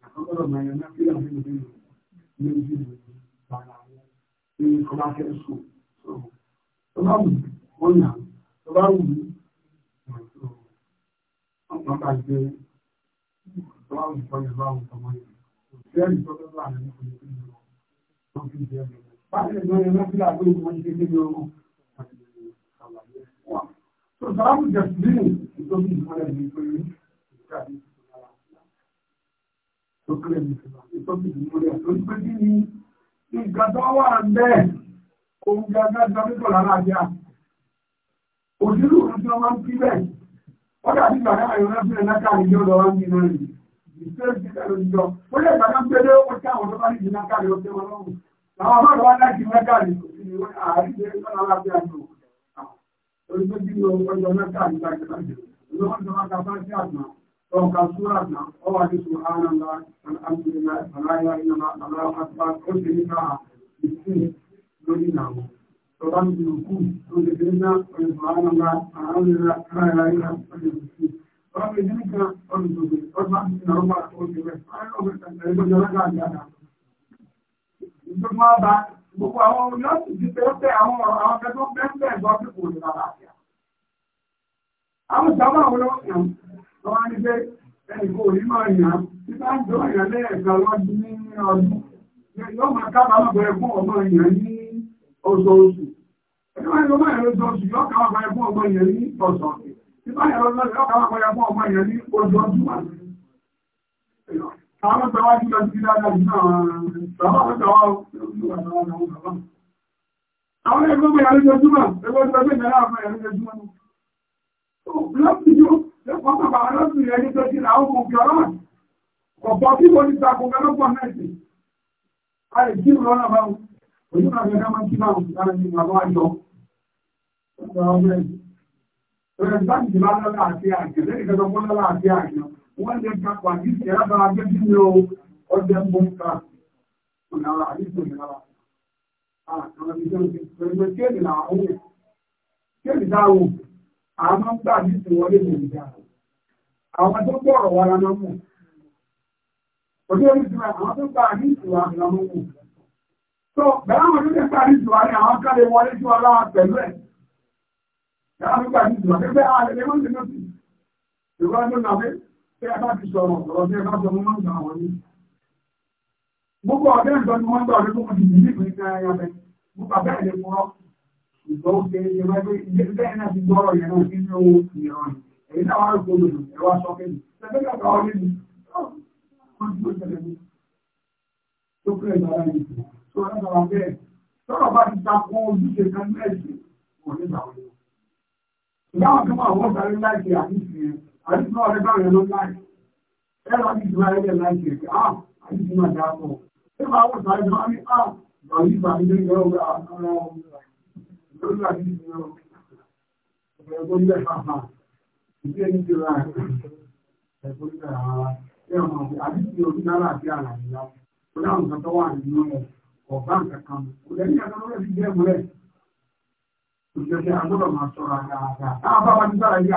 àkọ́kọ́rọ̀ máa yan mọ́tílà nínú nínú méjì bàrà wọn ní kọ́lá fẹ́ sùn sọ tó bá wù wọ́n yà tó bá wù wọ́n Sọ̀tàlámù jẹ̀sìlínì ìtòbí ìmọ̀lẹ̀ ní pé ìjáde ìṣẹ̀lẹ̀ aláàfíà. Tó kílẹ̀ ní ìṣẹ̀lẹ̀ ìtòbí ìmọ̀lẹ̀ tó ń pé kí ni ìgbàdọ́ wà bẹ́ẹ̀ òun gbàgbà gbàgbà lálàáfíà. Òṣèlú òun tí wọ́n máa ń kí bẹ́ẹ̀. Wọ́n dàbí ìgbàdá àyọ̀rẹ́ fún ẹ̀ lákàrí ní ọ̀dọ̀ wọn ní náà. Ìṣẹ́ ìṣẹ́ ìṣẹ́ ìṣẹ́ Àwọn ọmọ ìwọ́n láti mẹ́ta ní kò sí ààrí jẹ́ sọ́nà lábẹ́ àjò. Orí tó bí lọ ọjọ́ mẹ́ta ní láti lọ́wọ́n tó máa ka bá sí àgbà, ọ̀ka súnra àgbà, ọwà ní sùn ààrùn ńlá, àti àláyà ìnàmà àláwà àti bá ó ṣe ní káà ìsìn lórí ìlànà. Tọ́lá ń bìrù kú, ó lè dé ná ọ̀rẹ́ sùn ààrùn ńlá, àárùn ńlá, àláyà ìnàmà ọ̀rẹ́ ìsìn. Tọ́lá ń bìrù kú, ó lè ìjọba ọba gbogbo àwọn olóòtú ti pé ó àwọn àwọn ọ̀fẹ́ tó bẹ́ ń kò ní bàbá àti àwọn ìjọba àwọn olóòtú ọba ní pé ẹnì kò ní máa yàn tí bá ń jọ yàn lẹ́ẹ̀kan lọ́dún ní ọdún yóò máa kábàámọ̀ bẹ̀rẹ̀ fún ọmọ yàn ní oṣooṣù ẹni wọ́n ní ọmọ yàn lóṣooṣù yóò kábàámọ̀ fún ọmọ yàn ní ọ̀sọ̀ọ̀sẹ̀ tí bá yàn lọ́sọ̀ọ̀sẹ̀ Àwọn tàwà tí ẹgbẹ́ ìgbẹ́gbẹ́ mẹ́rin àwọn mẹ́rin alẹ́jọ́júmọ̀ ní. Lọ́pìí yóò lẹ́pọ̀ bàbá lọ́pìí ẹni tó ti láwọn mọ̀ kí ọlọ́wà. Ọ̀pọ̀ tí mo ti takò mẹ́lọ́pọ̀ mẹ́sì wọ́n lè ka pàdé sí ẹ̀rọ abẹ́ bí mi o ọjọ́ ẹ̀kọ́ ń ka ọ̀nàrà àdìsọ ìnara àwọn ìjọ ti pẹ̀lú kéèdì náà ó wù kéèdì dáwò àwọn gbà ní ìwọlé lè dà àwọn tó gbọ́rọ̀ wa lánàá mú òjò orí ti rẹ̀ àwọn tó gbà ní ìwà lánàá mú tó bẹ̀rẹ̀ àwọn tó gbà ní ìwà ni àwọn kálẹ̀ wọlé sí wa láwa pẹ̀lú ẹ̀ bẹ̀rẹ̀ àwọn tó gbà ní ìwà pẹ̀lú ẹ̀ àlẹ́ lè má ti lọ́sì ìwà ló pé ẹ bá ti sọ̀rọ̀ ọ̀rọ̀ bí ẹ bá sọ mọ́ ìgbà wọlé. Gbogbo ọ̀dẹ́ ìjọ ni wọ́n ń gbà wípé mo ti dì nílùú ní ayá bẹ. Gbogbo abẹ́rẹ́ lè mú ọ. Ìgbà ó ṣe ṣe wáyé ilé bẹ́ẹ̀ náà ti gbọ́rọ̀ yẹn náà nínú ìrọ̀rùn. Èyí náà wá rògbò lòdù ẹ wá sọ kéde. Ṣẹ́fẹ́ kàkà ọdẹ ni. Wọ́n ti gbé ìṣẹ̀lẹ̀ mi. Tó kúrẹ̀ ìgbàlá yìí. Tó rẹ̀ bẹ́ẹ̀. Sọ̀rọ̀ bá ti ta kún ojúṣe kan mẹ́rin. Wọ́n ní ìgbà wọlé. Ìgbà wọn àti tó ọ̀rẹ́ bá rẹ̀ ló láì ẹ̀rọ àti ìjọba ẹgbẹ́ láì ṣe pé ah àti ìjọba ìjà pọ̀ ṣé máa wọ̀ sáré máa ní ah bàbí bàbí ló yẹ ọgbà ara lórí àti ìjọba ọgbà ẹgbẹ́ ilẹ̀ fàfà ìdí ẹni ti ra ẹgbẹ́ ilẹ̀ ara ẹ̀rọ àti ìjọba ìjà láti àlà ìyá kó dáhùn kan tó wà nínú ẹ̀ ọ̀gá nǹkan kan kò lẹ́yìn àtàwọn ọ̀rẹ́ ti jẹ́ ìmúlẹ̀ òṣìṣẹ́ àgbọ̀dọ̀ máa sọ̀rọ̀ àdáadáa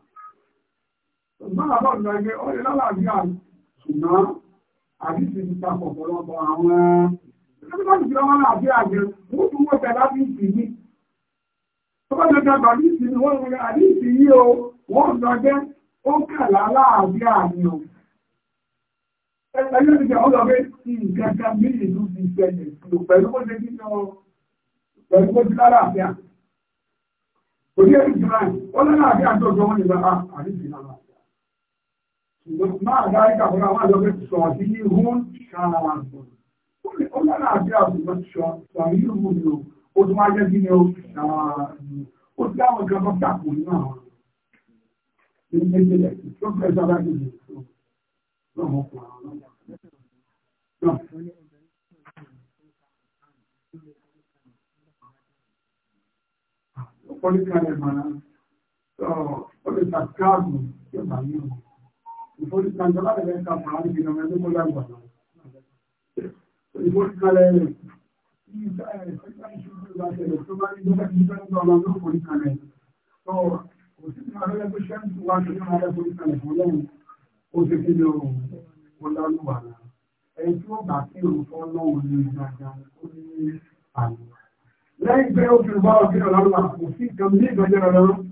ṣùgbọ́n àbọ̀ ìgbà ẹgbẹ́ ó lè lálàáfíà ṣùgbọ́n àdìsí ti ta ọ̀pọ̀lọpọ̀ àwọn ẹgbẹ́ tí wọ́n láàfíà jẹ wọ́n tún wọ́n tẹ̀lá bí ìsì ní tó bá jẹta gbà bí ìsì ní wọ́n rẹ̀ àdìsí yí o wọ́n gbàgbẹ́ ó kàlá láàfíà o ẹgbẹ́ ìjọ ọlọ́gbẹ́ nǹkan kan bí ìlú ti ṣẹlẹ̀ pẹ̀lú bó ṣe kí ni ọ pẹ̀lú bó ti náà máa dá ìkà fún àwọn àjọ pé sọ sí ihun ṣàwọn ó lára àti àbùkù sọ sọ ní ìlú mi o ó tún máa jẹ́ kí ni ó ṣàwọn ó ti dáwọn kan tó dàpọ̀ nínú àwọn ní méjèèjì tó fẹ́ sábà kejì tó lọ́wọ́ pa àwọn ọlọ́wọ́. Politically, man, so, what is that carbon? You're my new one ìforíkalẹ̀ láti lè ka màá níbi ìrìnà ẹni mọ́lá gbà náà. ìforíkalẹ̀ rẹ̀ kí ìṣẹ́ ìṣúgbó bá tẹ̀lé tó bá ní dókè ní sẹ́ńtì ọmọ tó foríkalẹ̀. tó kò sí ní abẹ́lẹ́ tó sẹ́ńtì wá sí ní abẹ́ foríkalẹ̀ fún lẹ́yìn ó ti kí ní òun mọ́lá gbà náà. ẹni tí ó bá kí òun fọ́ lọ́wọ́ ní ìdájọ́ ó ní àná. lẹ́yìn pé ó fi rúbá ọ̀gbìn ọ̀lá